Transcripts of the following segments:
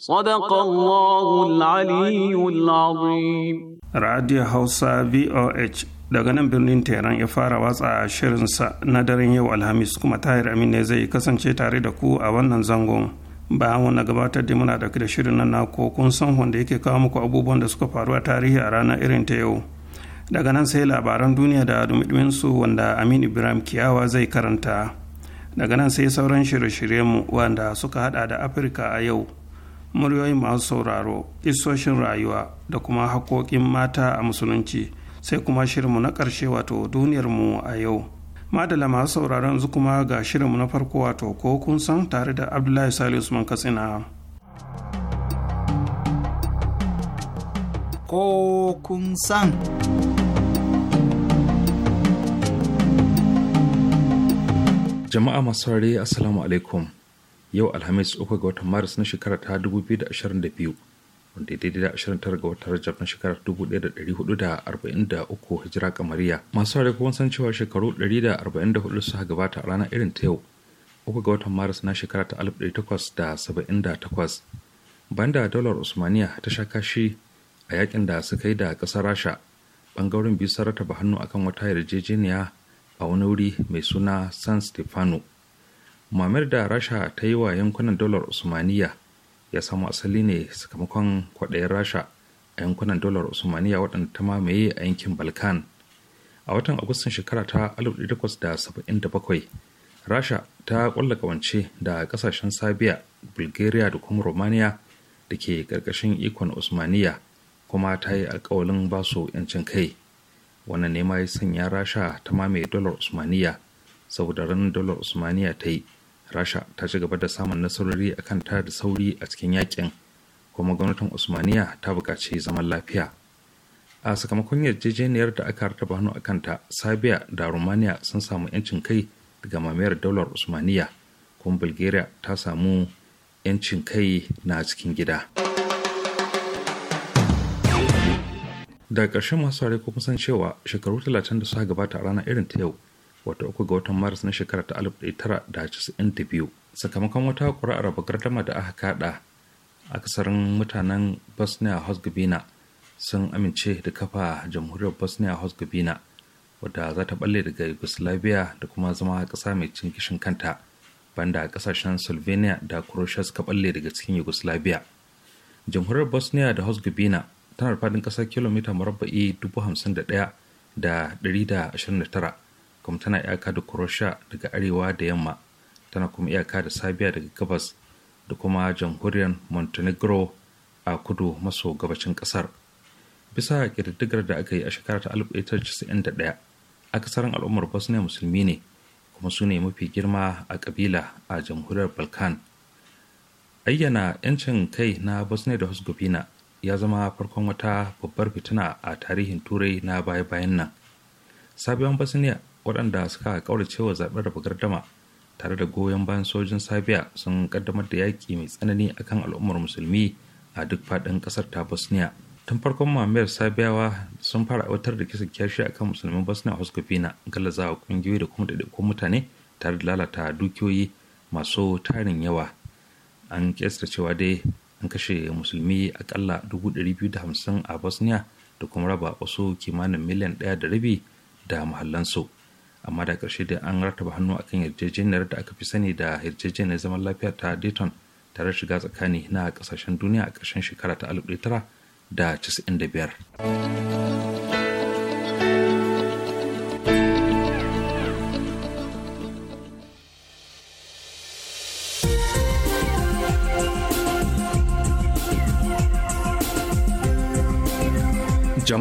صدق الله العلي العظيم Radio Hausa اتش daga nan birnin Tehran ya fara watsa shirinsa na daren yau Alhamis kuma Tahir Amin ne zai kasance tare da ku a wannan zangon. Bayan wannan gabatar da muna dauke da shirin nan na ko kun san wanda yake kawo muku abubuwan da suka faru a tarihi a ranar irin ta yau. Daga nan sai labaran duniya da dumidumin su wanda Amin Ibrahim Kiyawa zai karanta. Daga nan sai sauran shirye-shiryenmu wanda suka hada da Afirka a yau. muryoyin masu sauraro isoshin rayuwa da kuma haƙoƙin mata a musulunci sai kuma shirinmu na ƙarshe wato mu a yau madala masu sauraron yanzu kuma ga shirinmu na farko wato ko kun san tare da abdullahi Salisu usman katsina ko kun san jama'a masu assalamu alaikum yau alhamis uku ga watan maris na shekarar ta 2022 wanda daidai da 29 ga watan rajab na shekarar 1443 hijira kamariya masu hare kuma san cewa shekaru 144 su gabata a ranar irin ta yau uku ga watan maris na shekarar ta 1878 banda daular usmaniya ta sha kashi a yakin da suka yi da ƙasar rasha bangaren biyu ba hannu akan wata yarjejeniya a wani wuri mai suna san stefano mamir da rasha ta yi wa yankunan dolar usmaniya ya samu asali ne sakamakon kwaɗayin rasha a yankunan dolar usmaniya waɗanda ta mamaye a yankin balkan a watan agustan shekara ta 1877 rasha ta ƙulla ƙawance da ƙasashen sabiya bulgaria da kuma romania da ke ƙarƙashin ikon usmaniya kuma ta yi alkawalin basu 'yancin kai wannan ne ma ya sanya rasha ta mamaye dolar usmaniya saboda ranar dolar usmaniya ta yi rasha ta ci gaba da samun nasarori a kan ta da sauri a cikin yakin kuma gwamnatin usmaniya ta buƙaci zaman lafiya a sakamakon yarjejeniyar da aka rataba hannu a kanta sabiya da romania sun samu 'yancin kai daga mamayar daular usmaniya kuma bulgaria ta samu 'yancin kai na cikin gida daga ƙarshen masu ko kusan cewa shekaru talatin da suka gabata a ranar irin ta yau wata uku ga watan maris na shekara ta da da biyu sakamakon wata ƙuri'ar gardama da aka kada akasarin mutanen bosnia herzegovina sun amince da kafa jamhuriyar bosnia herzegovina wadda za ta balle daga yugoslavia da kuma zama ƙasa mai cin kishin kanta banda kasashen slovenia da croatia suka balle daga cikin yugoslavia jamhuriyar bosnia da herzegovina tana da faɗin ƙasar kilomita murabba'i tara kuma tana iyaka da kurosha daga arewa da yamma tana kuma iyaka da sabiya daga gabas da kuma jamhuriyar montenegro a kudu maso gabashin kasar bisa ƙididdigar da aka yi a shekara ta 1991 akasarin al'ummar bosnia musulmi ne kuma su ne mafi girma a kabila a jamhuriyar balkan ayyana 'yancin kai na bosnia da herzegovina ya zama farkon wata babbar fitina a tarihin turai na baya-bayan nan Sabuwar bosnia waɗanda suka kaurace wa zaɓen raba gardama tare da goyon bayan sojin sabiya sun kaddamar da yaƙi mai tsanani akan al'ummar musulmi a duk faɗin ƙasar ta bosnia tun farkon mamayar sabiyawa sun fara aiwatar da kisan kyashi akan musulmin bosnia herzegovina gallaza a ƙungiyoyi da kuma ɗaiɗaikun mutane tare da lalata dukiyoyi masu tarin yawa an kesta cewa dai an kashe musulmi akalla hamsin a bosnia da kuma raba wasu kimanin miliyan ɗaya da rabi da mahallansu amma da ƙarshe da an rataba hannu akan yarjejeniyar da aka fi sani da yarjejeniyar zaman lafiya ta dayton tare shiga tsakani na ƙasashen duniya a ƙarshen shekara ta 1995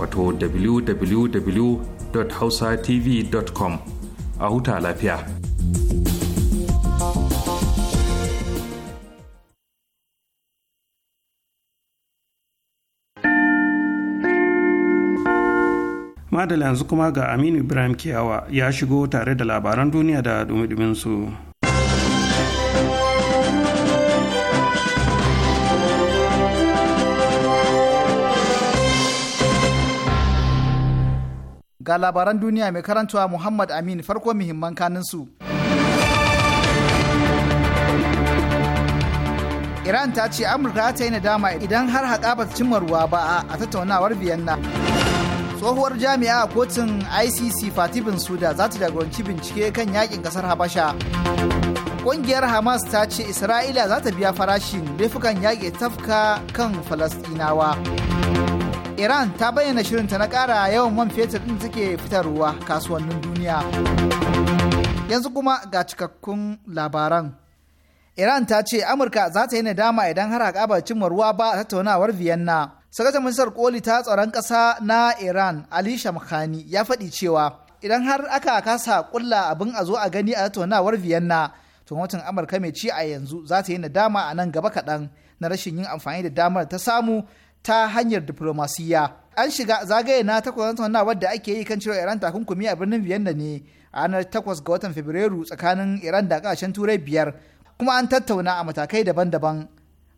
wato www.hausatv.com a huta lafiya. Madala yanzu kuma ga Aminu Ibrahim Kiyawa ya shigo tare da labaran duniya da dumi su. Ga labaran duniya mai karantawa Muhammad Amin farko muhimman kanin su. Iran ta ce Amurka ta yi nadama idan har haƙa ba cimma ruwa ba a tattaunawar Vienna. Tsohuwar jami'a a kotun ICC Fatibin Suda za ta jagoranci bincike kan yakin kasar Habasha. Ƙungiyar Hamas ta ce Isra'ila za ta biya farashin laifukan yaƙi tafka kan Falasɗinawa. iran ta bayyana shirinta na kara yawan man fetur ɗin take fitarwa kasuwannin duniya yanzu kuma ga cikakkun labaran iran ta ce amurka za ta yi nadama idan har a cimma ruwa ba a tattaunawar vienna sakataren ministar koli ta tsaron ƙasa na iran ali shamkhani ya faɗi cewa idan har aka kasa kulla abin a zo a gani a tattaunawar vienna gwamnatin amurka mai ci a yanzu za ta yi nadama a nan gaba kaɗan na rashin yin amfani da damar ta samu ta hanyar diplomasiya. An shiga zagaye na takwas tattaunawar da ake yi kan cewa Iran takunkumi a birnin Vienna ne a ranar takwas ga watan Fabrairu tsakanin Iran da kasashen Turai biyar kuma an tattauna a matakai daban-daban.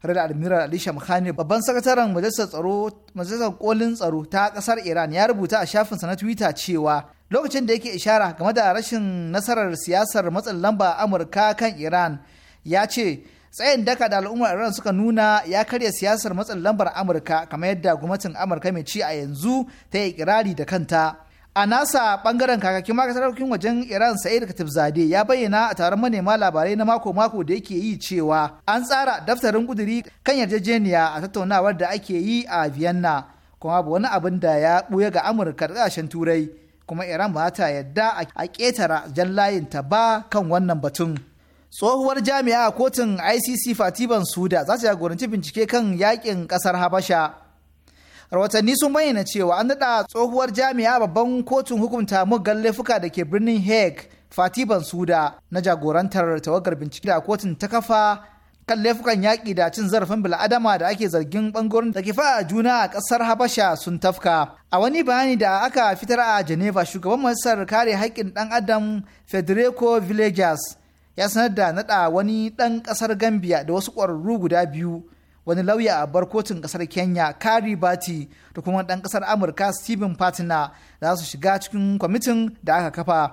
rada Admiral Ali Shamkhani babban sakataren majalisar tsaro majalisar kolin tsaro ta kasar Iran ya rubuta a shafinsa na Twitter cewa lokacin da yake ishara game da rashin nasarar siyasar matsin lamba Amurka kan Iran ya ce tsayin daka da al'ummar iran suka nuna ya karya siyasar matsin lambar amurka kamar yadda gwamnatin amurka mai ci a yanzu ta yi kirari da kanta a nasa bangaren kakakin makasaraukin wajen iran sa'id katib zade ya bayyana a taron manema labarai na mako-mako da yake yi cewa an tsara daftarin kuduri kan yarjejeniya a tattaunawar da ake yi a vienna kuma ba wani abin da ya buya ga amurka da ƙasashen turai kuma iran ba ta yadda a ƙetara jan layinta ba kan wannan batun. tsohuwar jami'a a kotun icc fatiban suda za ta jagoranci bincike kan yakin kasar habasha rahotanni sun bayyana cewa an daɗa tsohuwar jami'a babban kotun hukunta muggan laifuka da ke birnin hague fatiban suda na jagorantar tawagar bincike da kotun ta kafa kan laifukan yaƙi da cin zarafin bil'adama da ake zargin ɓangaren da ke fa'a juna a ƙasar habasha sun tafka a wani bayani da aka fitar a geneva shugaban majalisar kare haƙƙin ɗan adam federico villagers ya sanar da naɗa wani ɗan ƙasar gambia da wasu ƙwararru guda biyu wani lauya a bar kotun ƙasar kenya kari bati da kuma ɗan ƙasar amurka stephen patina za su shiga cikin kwamitin da aka kafa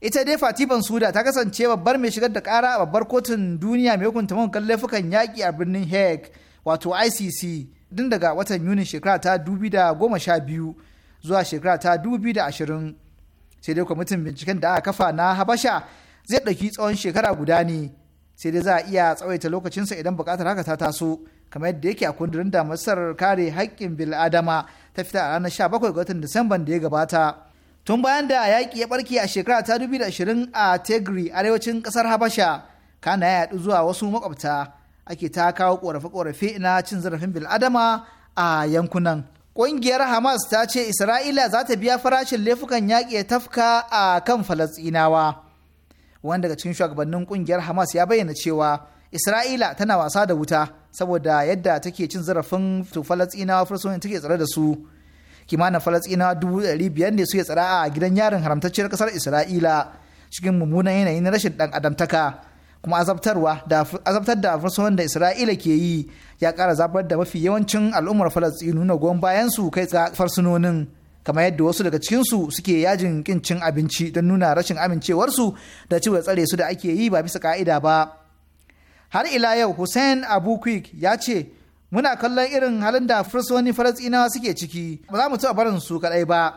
ita dai fatiban suda ta kasance babbar mai shigar da ƙara a babbar kotun duniya mai hukunta mahukan laifukan yaƙi a birnin hague wato icc din daga watan yuni shekara ta biyu zuwa shekara ta ashirin sai dai kwamitin binciken da aka kafa na habasha zai ɗauki tsawon shekara guda ne sai dai za a iya tsawaita lokacinsa idan buƙatar haka ta taso kamar yadda yake a kundurin da masar kare haƙƙin bil'adama ta fita a ranar 17 ga watan disamban da ya gabata tun bayan da yaƙi ya barke a shekara ta 2020 a tegri arewacin ƙasar habasha kana ya yaɗu zuwa wasu makwabta ake ta kawo ƙorafe-ƙorafe na cin zarafin bil'adama a yankunan ƙungiyar hamas ta ce isra'ila za ta biya farashin laifukan yaƙi ya tafka a kan falasɗinawa Wani daga cikin shugabannin kungiyar hamas ya bayyana cewa isra'ila tana wasa da wuta saboda yadda take cin zarafin falatsinawa fursunin take tsare da su kimanin falatsinawa dubu ɗari biyar ne suke tsara a gidan yarin haramtacciyar ƙasar isra'ila cikin mummunan yanayi na rashin ɗan adamtaka kuma azabtarwa da azabtar da da isra'ila ke yi ya ƙara zabar da mafi yawancin al'ummar falastinu na goyon bayan su kai fursunonin kamar yadda wasu daga cikinsu suke yajin kin cin abinci don nuna rashin amincewarsu da cewa tsare su da ake yi ba bisa ka'ida ba har ila yau hussein abu quick ya ce muna kallon irin halin da fursoni falasɗinawa suke ciki ba za mu taɓa barin su kaɗai ba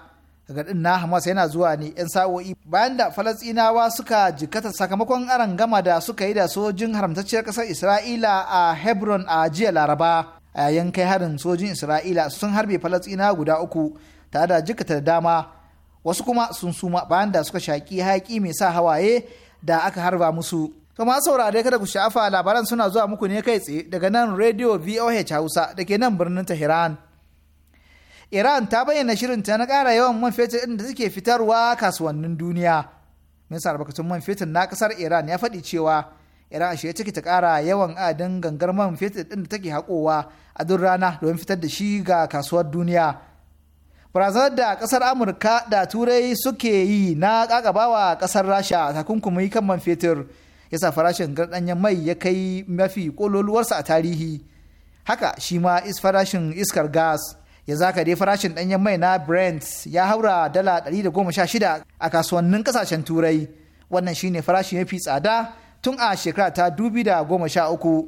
ɗin na hamas yana zuwa ne 'yan sa'o'i bayan da falasɗinawa suka jikata sakamakon aron gama da suka yi da sojin haramtacciyar ƙasar isra'ila a hebron a jiya laraba a yayin kai harin sojin isra'ila sun harbe falasɗinawa guda uku ta da jikata da dama wasu kuma sun suma bayan da suka shaƙi hayaƙi mai sa hawaye da aka harba musu. Kama saurare kada ku sha'afa labaran suna zuwa muku ne kai tsaye daga nan Radio VOH Hausa da ke nan birnin Tehran. Iran ta bayyana shirin ta na ƙara yawan man fetur ɗin da suke fitarwa kasuwannin duniya. Minista albarkatun man fetur na kasar Iran ya faɗi cewa Iran shirye take ta ƙara yawan adadin gangar man fetur ɗin da take haƙowa a duk rana domin fitar da shi ga kasuwar duniya. barazanar da kasar amurka da turai suke yi na kakabawa kasar rasha takunkumi kan man fetur ya sa farashin gardanyen mai ya kai mafi kololuwarsa a tarihi haka shi ma is farashin iskar gas ya zaka dai farashin danyen mai na brent ya haura dala 116 a kasuwannin kasashen turai wannan shine farashi mafi tsada tun a shekara ta 2013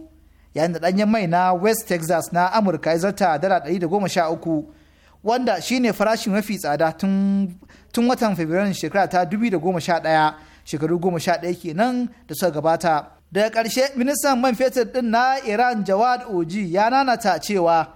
yayin da danyen mai na west texas na amurka ya zarta dala 113 wanda shine farashin mafi tsada tun watan fabrairun shekara ta 2011 shekaru 11 kenan da suka gabata daga ƙarshe ministan man fetur ɗin na iran jawad oji ya nanata cewa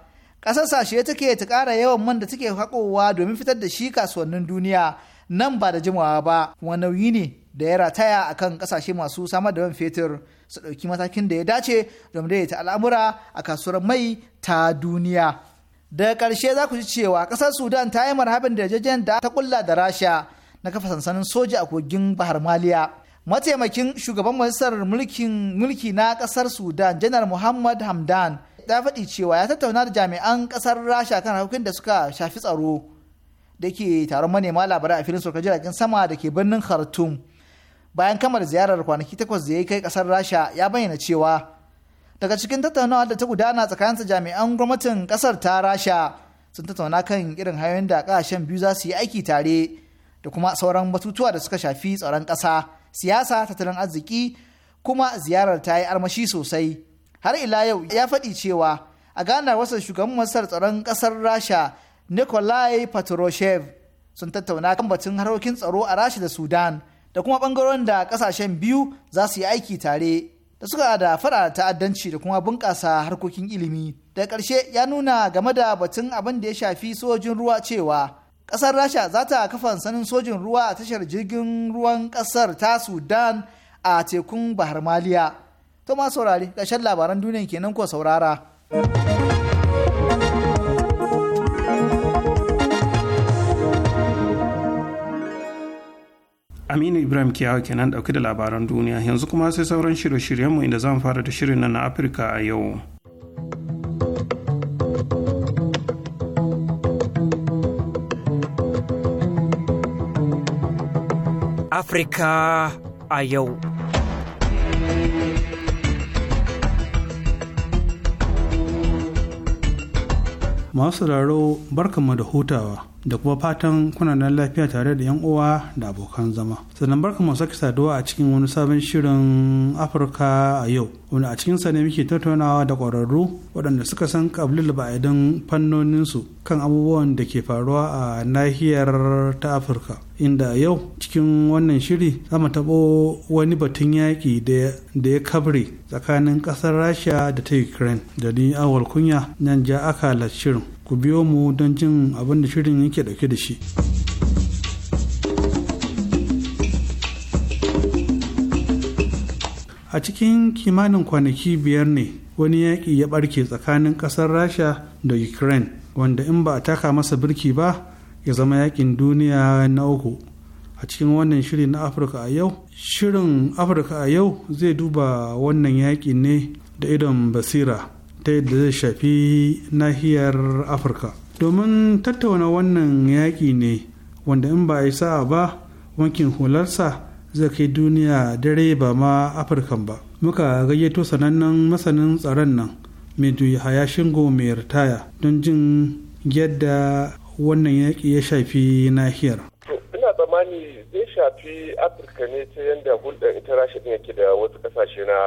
ƙasar sashe take ta ƙara yawan man da take haƙowa domin fitar da shi kasuwannin duniya nan ba da jimawa ba kuma nauyi ne da ya rataya a kan ƙasashe masu samar da man fetur su ɗauki matakin da ya dace domin daidaita al'amura a kasuwar mai ta duniya. daga karshe za ku ji cewa ƙasar sudan ta yi marhabin da jajen da ta kulla da rasha na kafa sansanin soja a kogin bahar maliya mataimakin shugaban majalisar mulki na ƙasar sudan janar muhammad hamdan ta faɗi cewa ya tattauna da jami'an ƙasar rasha kan harkokin da suka shafi tsaro da ke taron manema labarai a filin saukar jiragen sama da ke birnin khartoum bayan kamar ziyarar kwanaki takwas da ya kai ƙasar rasha ya bayyana cewa daga cikin tattaunawa da ta gudana tsakanin jami'an gwamnatin kasar ta rasha sun tattauna kan irin hanyoyin da kasashen biyu za su yi aiki tare da kuma sauran batutuwa da suka shafi tsaron ƙasa siyasa tattalin arziki kuma ziyarar ta yi armashi sosai har ila yau ya faɗi cewa a ganar wasu shugaban masar tsaron ƙasar rasha nikolai patroshev sun tattauna kan batun harkokin tsaro a rasha da sudan da kuma ɓangarorin da ƙasashen biyu za su yi aiki tare da suka da fara ta'addanci da kuma bunƙasa harkokin ilimi da ƙarshe ya nuna game da batun abin da ya shafi sojin ruwa cewa ƙasar rasha za ta kafa sanin sojin ruwa a tashar jirgin ruwan ƙasar ta sudan a tekun bahar maliya to ma saurari ƙarshen labaran duniya kenan ko saurara. Aminu Ibrahim ke Kiyawa kenan ɗauki da labaran duniya yanzu kuma sai sauran shirye-shiryenmu inda zan fara da shirin nan na Afirka a yau. Afirka a yau. Masu raro barkanmu da hutawa. da kuma fatan kuna nan lafiya tare da yan uwa da abokan zama sannan barka mu sake saduwa a cikin wani sabon shirin afirka a yau Wani a cikin ne muke tattaunawa da ƙwararru waɗanda suka san ƙablil ba'idin fannoninsu kan abubuwan da ke faruwa a nahiyar ta afirka inda yau cikin wannan shiri za mu taɓo wani batun yaƙi da ya kabre tsakanin ƙasar rasha da ta ukraine da ni awal kunya nan ja aka shirin ku biyo mu don jin abin da shirin yake dauke da shi a cikin kimanin kwanaki biyar ne wani yaƙi ya ɓarke tsakanin ƙasar rasha da ukraine wanda in ba a taka masa birki ba ya zama yaƙin duniya na uku a cikin wannan shiri na afirka a yau shirin afirka a yau zai duba wannan yaƙi ne da idon basira ta yadda zai shafi nahiyar afirka domin tattauna wannan yaƙi ne wanda in ba a yi sa'a ba wankin hularsa zai kai duniya dare ba ma afirkan ba muka gayyato sanannen masanin tsaron nan mai shingo mai ritaya don jin yadda wannan yaƙi ya shafi nahiyar tsammani zai shafi afirka ne ta yadda hulɗar ita rasha ɗin yake da wasu ƙasashe na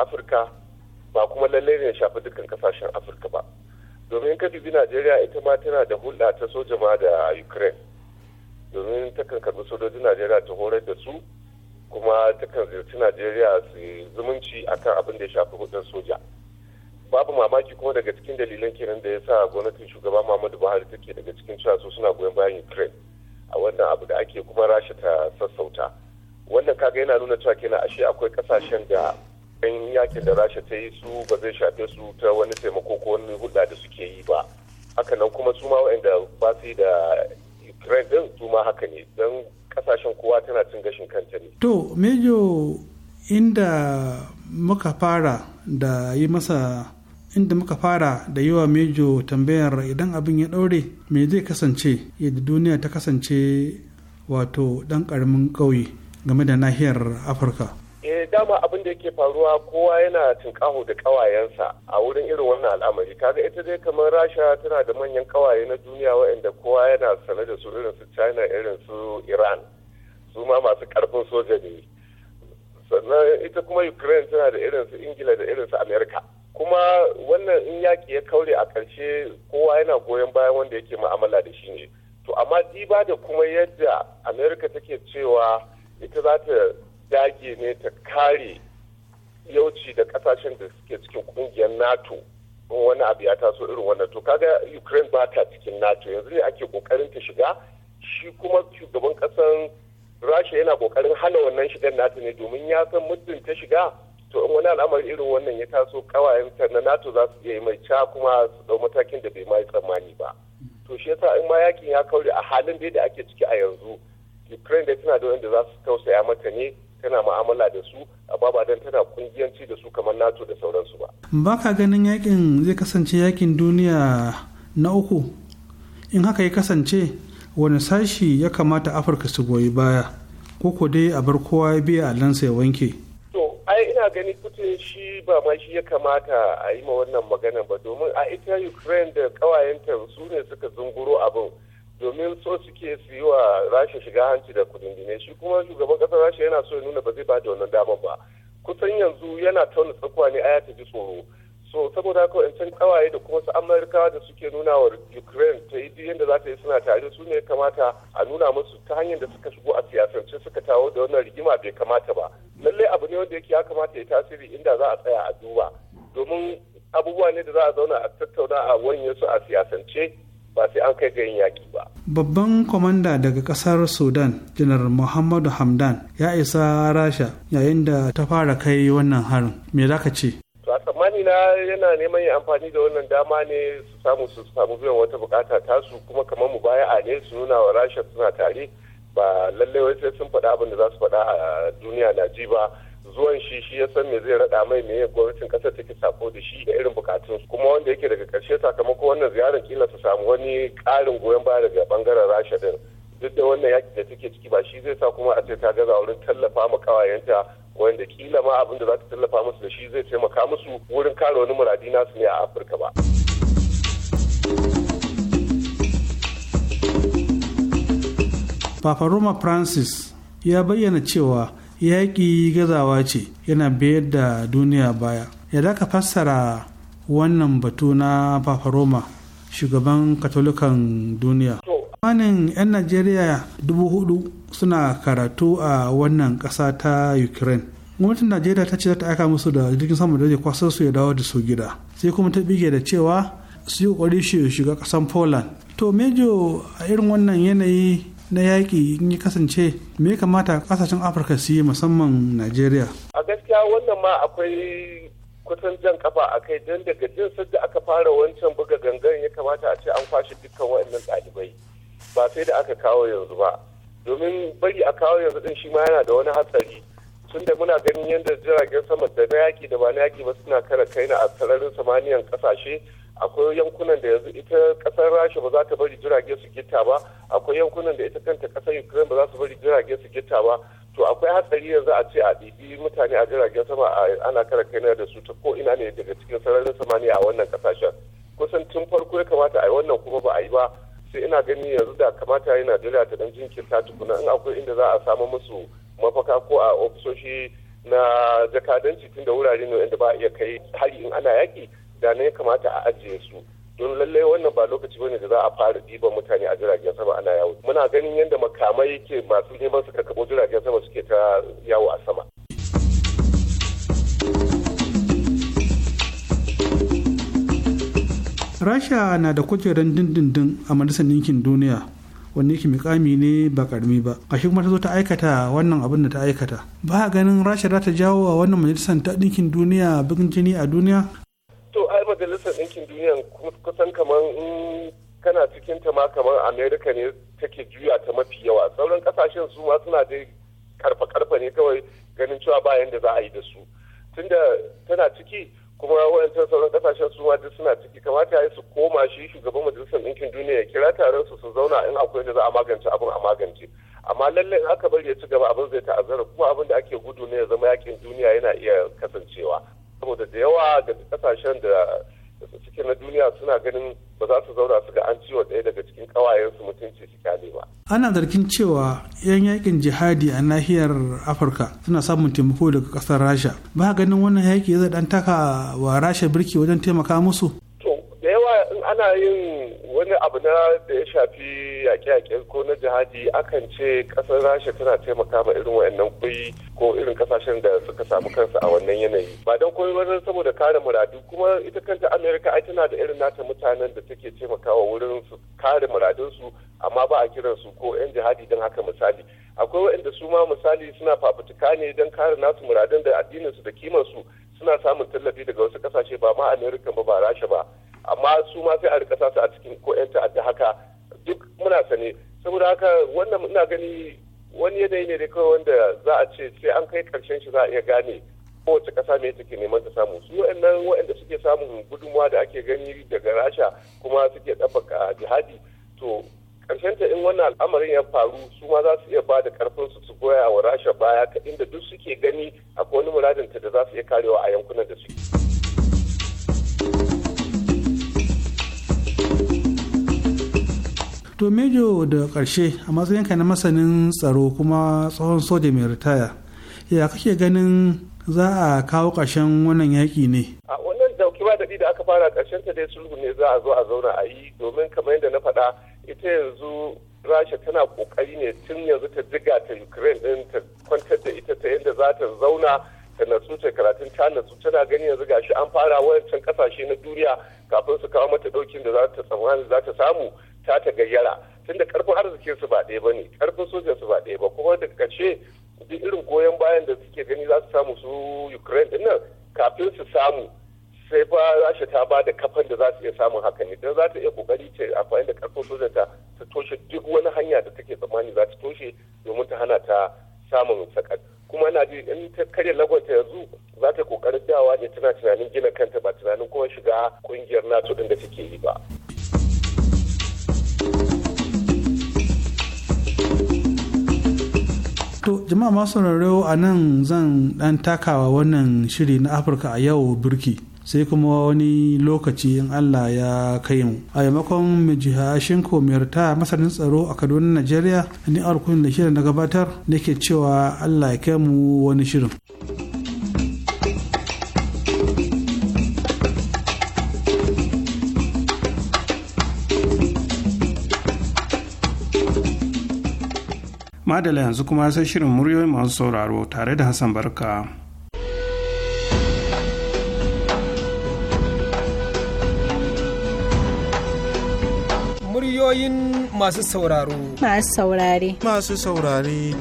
afirka ba kuma lallai ne shafi dukkan kasashen afirka ba domin ka dubi najeriya ita ma tana da hulɗa ta soja ma da ukraine domin takan karɓi sojojin najeriya ta horar da su kuma takan ziyarci najeriya su zumunci akan abin da ya shafi hudun soja babu mamaki kuma daga cikin dalilan kenan da ya sa gwamnatin shugaba muhammadu buhari take daga cikin cewa su suna goyon bayan ukraine a wannan abu da ake kuma rasha ta sassauta wannan kaga yana nuna cewa kenan ashe akwai kasashen da in yakin da rasha ta yi su ba zai shafe su ta wani taimako ko wani hulɗa da suke yi ba hakanan kuma su ma waɗanda ba su da ukraine din su ma haka ne don kasashen kowa tana cin gashin kanta ne to mejo inda muka fara da yi masa inda muka fara da yawa mejo tambayar idan abin ya ɗaure me zai kasance yadda duniya ta kasance wato ɗan ƙaramin ƙauye game da nahiyar afirka dama abin da yake faruwa kowa yana tunkaho da kawayensa a wurin irin wannan al'amari kaga ita dai kamar rasha tana da manyan kawaye na duniya waɗanda kowa yana sane da su irin su china irin su iran su ma masu karfin soja ne sannan ita kuma ukraine tana da irin su ingila da irin su america kuma wannan in yaƙi ya kaure a ƙarshe kowa yana goyon bayan wanda yake mu'amala da shi ne to amma diba da kuma yadda america take cewa ita za ta dage ne ta kare yauci da kasashen da suke cikin kungiyar nato wani abu ya taso irin wannan to kaga ukraine ba ta cikin nato yanzu ne ake kokarin ta shiga shi kuma shugaban kasan rasha yana kokarin hana wannan shigar nato ne domin ya san muddin ta shiga to in wani al'amari irin wannan ya taso kawayen ta na nato za su iya yi mai ca kuma su dau matakin da bai ma tsammani ba to shi yasa in ma yakin ya kaure a halin da ake ciki a yanzu ukraine da tana da wanda za su tausaya mata ne tana ma'amala da su a baba dan tana kungiyanci da su kamar nato da sauransu ba ba ka ganin yakin zai kasance yakin duniya na uku in haka ya kasance wani sashi ya kamata afirka su goyi baya ko ko dai a bar kowa ya biya a ya wanke to ai ina gani putin shi ba ma shi ya kamata a yi ma wannan magana ba domin a ita ukraine da kawayenta su ne suka zunguro abin domin so suke su yi wa rasha shiga hanci da kudin shi kuma shugaban kasar rasha yana so ya nuna ba zai ba da wannan damar ba kusan yanzu yana tauna tsakuwa ne aya ta ji tsoro so saboda haka wancan kawaye da kuma su amurkawa da suke nuna wa ukraine ta yi yadda za ta yi suna tare su ne kamata a nuna musu ta hanyar da suka shigo a siyasance suka tawo da wannan rigima bai kamata ba lallai abu ne wanda yake ya kamata ya tasiri inda za a tsaya a duba domin abubuwa ne da za a zauna a tattauna a wanye su a siyasance ba sai an kai ga yin yaƙi ba. Babban kwamanda daga ƙasar Sudan, Janar Muhammadu Hamdan, ya isa Rasha yayin da ta fara kai wannan harin. Me za ka ce? a tsammani na yana neman yin amfani da wannan dama ne su samu su samu biyan wata bukata tasu kuma kamar mu baya a ne su nuna wa Rasha suna tare ba lallai wai sai sun faɗa abin da za su faɗa a duniya na ji ba zuwan shi shi ya san me zai raɗa mai me gwamnatin kasar take sako da shi da irin bukatun kuma wanda yake daga karshe sakamakon wannan ziyarar kila su samu wani karin goyon baya daga bangaren rasha din duk da wannan yaki da take ciki ba shi zai sa kuma a ce ta gaza wurin tallafa ma kawayenta wanda kila ma abin da za ta tallafa musu da shi zai taimaka musu wurin kare wani muradi nasu ne a afirka ba Papa Roma Francis ya bayyana cewa yaƙi gazawa ce yana bayar da duniya baya ya za ka fassara wannan batu na roma shugaban katolikan duniya kimanin 'yan najeriya dubu hudu suna karatu a wannan ƙasa ta ukraine gwamnatin najeriya ta ce za ta aika musu da jirgin sama da zai su ya dawo da su gida sai kuma ta bige da cewa su yi shi shiga ƙasan poland to mejo a irin wannan yanayi na yaƙi in ya kasance me ya kamata ƙasashen afirka su yi musamman najeriya a gaskiya wannan ma akwai kusan jan kafa a kai don daga jin da aka fara wancan buga gangan ya kamata a ce an kwashe dukkan waɗannan ɗalibai ba sai da aka kawo yanzu ba domin bari a kawo yanzu din shi ma yana da wani hatsari tun da muna ganin yadda jiragen sama da na yaƙi da ba na yaƙi ba suna kara kai na a sararin samaniyan ƙasashe akwai yankunan da yanzu ita kasar rasha ba za ta bari jirage su gitta ba akwai yankunan da ita kanta kasar ukraine ba za su bari jirage su gitta ba to akwai hatsari yanzu a ce a ɗibi mutane a jiragen sama ana kara kaina da su ta ko ina ne daga cikin sararin samaniya a wannan kasashen kusan tun farko ya kamata a yi wannan kuma ba a yi ba sai ina gani yanzu da kamata yana najeriya ta dan jinkirta tukuna in akwai inda za a samu musu mafaka ko a ofisoshi na jakadanci tun da wurare ne inda ba a iya kai hari in ana yaki. da ne kamata a ajiye su don lallai wannan ba lokaci bane da za a fara diban mutane a jiragen sama ana yawo muna ganin yadda makamai ke masu neman su karkabo jiragen sama suke ta yawo a sama rasha na da kujerar dindindin a majalisar ninkin duniya wanne ki mikami ne ba karmi ba shi kuma ta zo ta aikata wannan abin da ta aikata ba ganin rasha za ta jawo a wannan majalisar ta ninkin duniya bugun jini a duniya to ai majalisar ɗinkin duniya kusan kamar in kana cikin ta ma kamar america ne take juya ta mafi yawa sauran kasashen su ma suna dai karfa-karfa ne kawai ganin cewa ba yanda za a yi da su tunda tana ciki kuma wayancan sauran kasashen su ma duk suna ciki kamata ya su koma shi shugaban majalisar ɗinkin duniya ya kira taron su su zauna in akwai da za a magance abin a magance amma lallai in aka bari ya ci gaba abin zai ta'azzara kuma abin da ake gudu ne ya zama yakin duniya yana iya kasancewa saboda da yawa ga kasashen da suke na duniya suna ganin ba za su zauna su ga an ciwo ɗaya daga cikin ƙawayensu mutunci su kyale ba. Ana zargin cewa 'yan yakin jihadi a nahiyar Afirka suna samun taimako daga ƙasar Rasha. Ba ganin wannan yaƙi zai ɗan taka wa Rasha birki wajen taimaka musu? ana yin wani abu na da ya shafi yaƙe-yaƙe ko na jihadi akan ce ƙasar rasha tana taimaka ma irin wayannan kuyi ko irin kasashen da suka samu kansu a wannan yanayi ba don komai ba saboda kare muradu kuma ita kanta amerika ai tana da irin nata mutanen da take taimakawa wurin su kare muradunsu amma ba a kiransu ko 'yan jihadi don haka misali akwai waɗanda su ma misali suna fafutuka ne don kare nasu muradun da addininsu da kimansu suna samun tallafi daga wasu kasashe ba ma amerika ba ba rasha ba amma su ma sai a rika sa su a cikin ko yan ta'adda haka duk muna sane saboda haka wannan ina gani wani yanayi ne da kawai wanda za a ce sai an kai karshen shi za a iya gane ko kowace kasa me take neman ta samu su wa'annan wa'anda suke samun gudunmawa da ake gani daga rasha kuma suke ɗabbaka jihadi to karshen ta in wannan al'amarin ya faru su ma za su iya ba da karfin su su goya wa rasha baya ka inda duk suke gani akwai wani muradin ta da za su iya karewa a yankunan da suke. to mejo da ƙarshe a matsayinka na masanin tsaro kuma tsohon soja mai ritaya ya kake ganin za a kawo ƙarshen wannan yaƙi ne a wannan dauki ba daɗi da aka fara ƙarshen ta dai sulhu ne za a zo a zauna a yi domin kamar yadda na faɗa ita yanzu rasha tana ƙoƙari ne tun yanzu ta diga ta ukraine ɗin ta kwantar da ita ta yadda za ta zauna da natsu ta karatun ta su tana gani yanzu gashi an fara wayancan kasashe na duniya kafin su kawo mata daukin da za ta tsammani za ta samu ta ta gayyara tunda karfin arzikin su ba ɗaya bane karfin sojan su ba ɗaya ba kuma da kace duk irin goyon bayan da suke gani za su samu su Ukraine din nan kafin su samu sai fa rasha ta ba da kafan da za su iya samun haka ne don za ta iya kokari ta amfani da karfin sojan ta ta toshe duk wani hanya da take tsammani za ta toshe domin ta hana ta samun sakat kuma na ji in ta karya lagos yanzu za ta kokarin dawa ne tana tunanin gina kanta ba tunanin kuma shiga kungiyar nato din da take yi ba To jama'a masu rarrewa a nan zan dan takawa wannan shiri na Afirka a yau birki. sai kuma wani lokaci in Allah ya kai mu a yamakon mijihashin komiyar ta masanin tsaro a Kaduna Najeriya ni arkun da shirin na gabatar nake cewa Allah ya kai mu wani shirin Madala yanzu kuma sai shirin muryoyi masu sauraro tare da Hassan Barka. Muryoyin masu sauraro. Masu saurare. Masu saurare.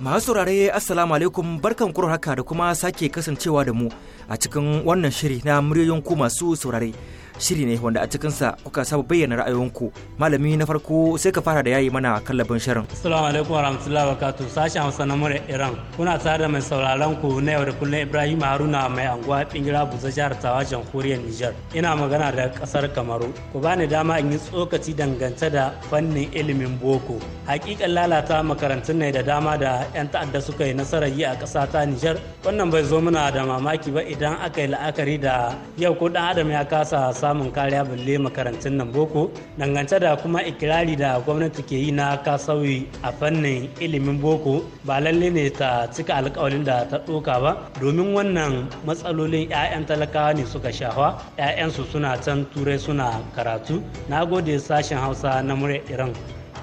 Masu saurare Assalamu alaikum barkan kuro haka da kuma sake kasancewa da mu a cikin wannan shiri na muryoyin ku masu saurare. shiri ne wanda a cikinsa kuka saba bayyana ra'ayoyinku malami na farko sai ka fara da yayi mana kallabin shirin assalamu alaikum warahmatullahi wabarakatuh sashen hausa na mura iran kuna tare da mai sauraron ku na yau da kullum ibrahim haruna mai anguwa bingira buza jihar tawa jamhuriyar nijar. ina magana da kasar kamaru ku bani dama in yi tsokaci dangance da fannin ilimin boko hakikan lalata makarantun ne da dama da yan ta'adda suka yi nasarar yi a ƙasa ta nijar. wannan bai zo muna da mamaki ba idan aka yi la'akari da yau ko dan adam ya kasa samun kariya balle makarantun nan boko dangance da kuma ikirari da gwamnati ke yi na kasauyi a fannin ilimin boko ba lalle ne ta cika alkawalin da ta ɗoka ba domin wannan matsalolin 'ya'yan talakawa ne suka shafa 'ya'yansu suna can turai suna karatu na gode sashen hausa na murya iran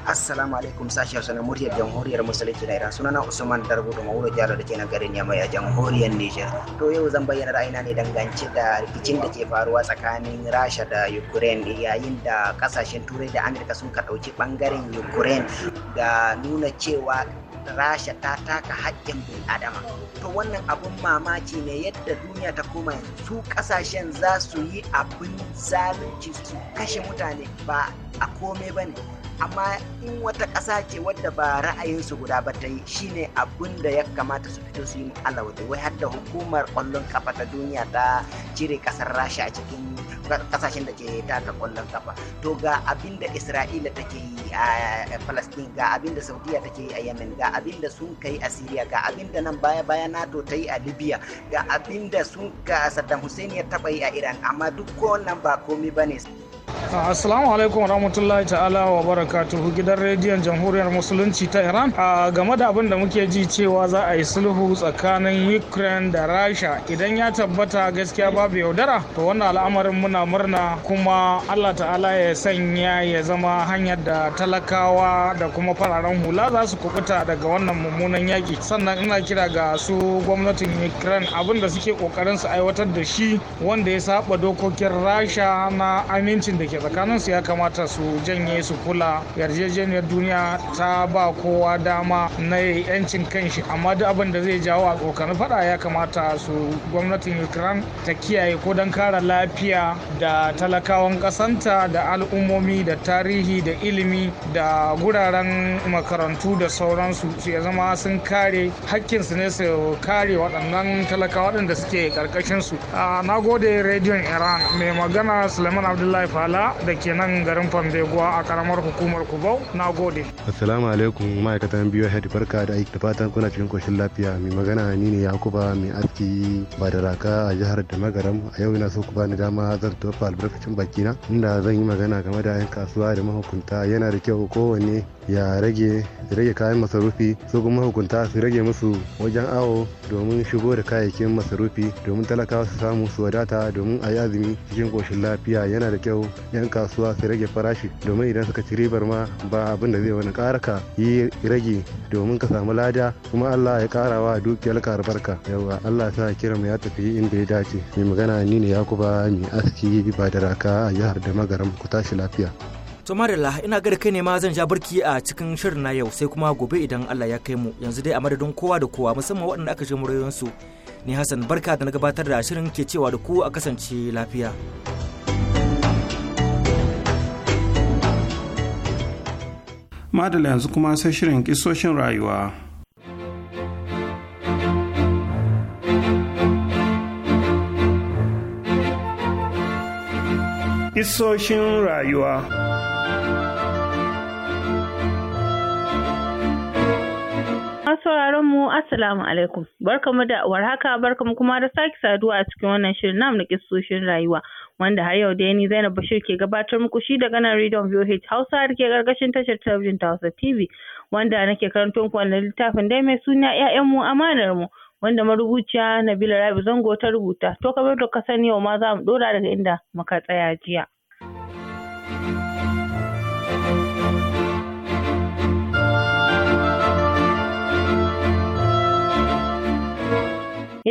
assalamu alaikum sashi hausa na muryar jamhuriyar musulunci na iran sunana usman darbu da mawuro jalo da ke na garin yamai a jamhuriyar niger to yau zan bayyana ra'ayina ne dangance da rikicin da ke faruwa tsakanin rasha da ukraine yayin da kasashen turai da amurka sun ka ɗauki ɓangaren ukraine da nuna cewa rasha ta taka haƙƙin bin adama to wannan abun mamaki ne yadda duniya ta koma su kasashen za su yi abin zalunci su kashe mutane ba a komai ba ne amma in wata ƙasa ce wadda ba ra'ayinsu guda ba ta yi shine abin da ya kamata su fito su yi alawade wai har da hukumar kwallon kafa ta duniya ta cire ƙasar rasha a cikin ƙasashen da ke taka ƙwallon kafa to ga abin da isra'ila take yi a falastin ga abin da saudiya take yi a yemen ga abin da sun kai a syria ga abin da nan baya baya nato ta yi a libya ga abin da sun ga saddam hussein ya taɓa yi a iran amma duk ko ba komi ba ne Uh, Assalamu alaikum warahmatullahi ta'ala wa barakatuhu gidan rediyon jamhuriyar musulunci ta Iran a uh, game da abin da muke ji cewa za a yi sulhu tsakanin Ukraine da Rasha idan ya tabbata gaskiya babu yaudara to wannan al'amarin muna murna kuma Allah ta'ala ya sanya ya zama hanyar da talakawa da kuma fararen hula za su kubuta daga wannan mummunan yaki sannan ina kira ga su gwamnatin Ukraine abin da suke kokarin su aiwatar da shi wanda ya saba dokokin Rasha na amincin da ke tsakaninsu ya kamata su janye su kula yarjejeniyar duniya ta ba kowa dama na yancin kanshi amma duk abin da zai jawo a tsokanin fada ya kamata su gwamnatin ukraine ta kiyaye ko don kare lafiya da talakawan kasanta da al'ummomi da tarihi da ilimi da guraren makarantu da sauransu su ya zama sun kare hakkinsu ne su kare waɗannan talakawa waɗanda suke ƙarƙashinsu ah, na gode rediyon iran mai magana suleiman abdullahi Bala da ke nan garin Fambeguwa a karamar hukumar Kubau. Na gode. Assalamu alaikum ma'aikatan biyu head barka da aiki da fatan kuna cikin koshin lafiya mai magana ni ne Yakuba mai aski ba da raka a jihar da magaram a yau ina so ku bani dama zan tofa albarkacin bakina inda zan yi magana game da 'yan kasuwa da mahukunta yana da kyau kowanne ya rage rage kayan masarufi su kuma mahukunta su rage musu wajen awo domin shigo da kayayyakin masarufi domin talakawa su samu su wadata domin a yi azumi cikin koshin lafiya yana da kyau 'yan kasuwa su rage farashi domin idan suka ci ribar ma ba abin da zai wani karaka ka yi rage domin ka samu lada kuma Allah ya kara wa dukiyar karbarka albarka yawa Allah sa kira mu ya tafi inda ya dace mai magana ni ne Yakuba mai aski ba da raka a jihar da magaram ku tashi lafiya. To Marilla ina ga kai ne ma zan ja barki a cikin shirin na yau sai kuma gobe idan Allah ya kai mu yanzu dai a madadin kowa da kowa musamman waɗanda aka je murayensu ne Hassan barka da na gabatar da shirin ke cewa da ku a kasance lafiya. madala yanzu kuma sai shirin kisoshin rayuwa Kisoshin rayuwa sauraron mu assalamu alaikum barkamu da warhaka barkamu kuma da sake saduwa a cikin wannan shirin namu na kisoshin rayuwa wanda har yau dai ni Zainab Bashir ke gabatar muku shi daga nan Radio VOH Hausa da ke gargashin tashar talabijin ta Hausa TV wanda nake karanto muku wannan littafin dai mai suna mu amanar mu wanda marubuciya Nabila Rabi Zango ta rubuta to kamar da ka sani yau ma za mu dora daga inda muka tsaya jiya.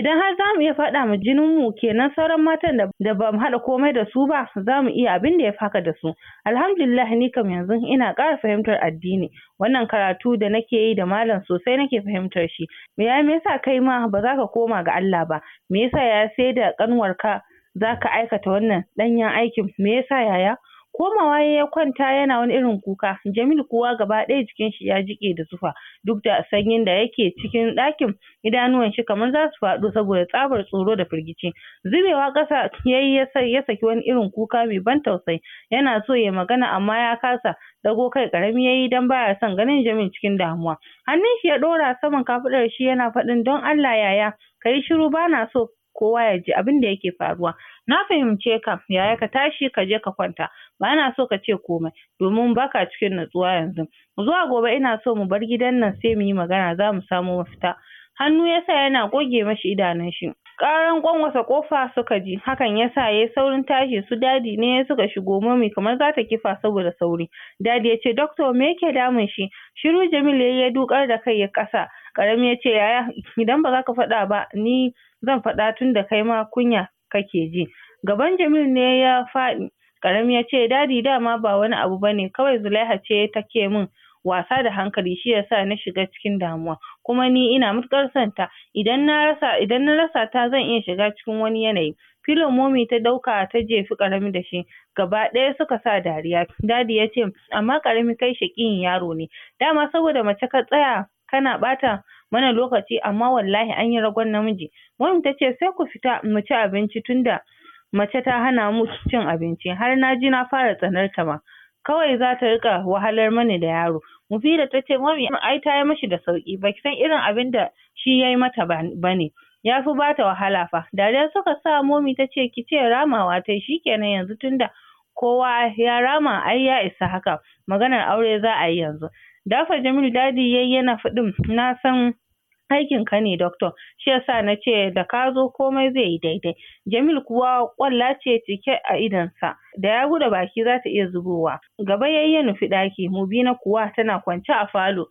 idan har za mu iya faɗa ma jinin mu kenan sauran matan da da ba mu haɗa komai da su ba za mu iya abin da ya faka da su alhamdulillah ni kam yanzu ina ƙara fahimtar addini wannan karatu da nake yi da malam sosai nake fahimtar shi me ya me yasa kai ma ba za ka koma ga Allah ba me yasa ya sai da kanwarka za ka aikata wannan ɗanyen aikin me yasa yaya komawa yayi ya kwanta yana wani irin kuka Jamilu kowa gaba ɗaya jikin shi ya jike da zufa duk da sanyin da yake cikin ɗakin idanuwan shi kamar za su faɗo saboda tsabar tsoro da firgici zubewa ƙasa yayi ya saki wani irin kuka mai ban tausayi yana so ya magana amma ya kasa dago kai karami yayi dan baya son ganin Jamil cikin damuwa hannun shi ya ɗora saman kafaɗar shi yana faɗin don Allah yaya kayi shiru bana so kowa ya ji abin da yake faruwa na fahimce ka yaya ka tashi ka je ka kwanta ba na so ka ce komai domin baka cikin natsuwa yanzu zuwa gobe ina so mu bar gidan nan sai mu yi magana za mu samo mafita hannu ya sa yana goge mashi idanun shi karan kwanwasa kofa suka ji hakan ya sa ya saurin tashi su dadi ne suka shigo mami kamar za ta kifa saboda sauri dadi ya ce doctor me yake damun shi shiru jamil ya dukar da kai ya kasa karami ya ce yaya idan ba za ka faɗa ba ni zan faɗa tun da kai ma kunya kake ji gaban Jamil ne ya faɗi Karami ya ce dadi dama ba wani abu ba ne. kawai Zulaiha ce take min wasa da hankali shi yasa na shiga cikin damuwa kuma ni ina matuƙar santa idan na rasa idan na rasa ta zan iya shiga cikin wani yanayi filon momi ta ɗauka ta jefi ƙarami da shi gaba ɗaya suka sa dariya dadi ya ce amma karami kai shaƙiyin yaro ne dama saboda mace ka tsaya kana ɓata. mana lokaci amma wallahi an yi ragon namiji Maryam ta ce sai ku fita mu ci abinci tunda mace ta hana mu cin abinci har na ji na fara tsanar ta ma kawai za ta rika wahalar mani da yaro Mufida ta ce mami ai ta yi mashi da sauki baki san irin abin da shi ya yi mata bane ya fi bata wahala fa dariya suka sa momi ta ce ki ce ramawa ta shikenan yanzu tunda kowa ya rama ai ya isa haka maganar aure za a yi yanzu da haka Jamilu dadi yayi yana faɗin na san aikin ka ne doctor shi yasa na ce da ka zo komai zai yi daidai Jamil kuwa ƙwalla ce cike a idon sa. da ya bude baki za ta iya zubowa gaba yayi ya nufi ɗaki na kuwa tana kwance a falo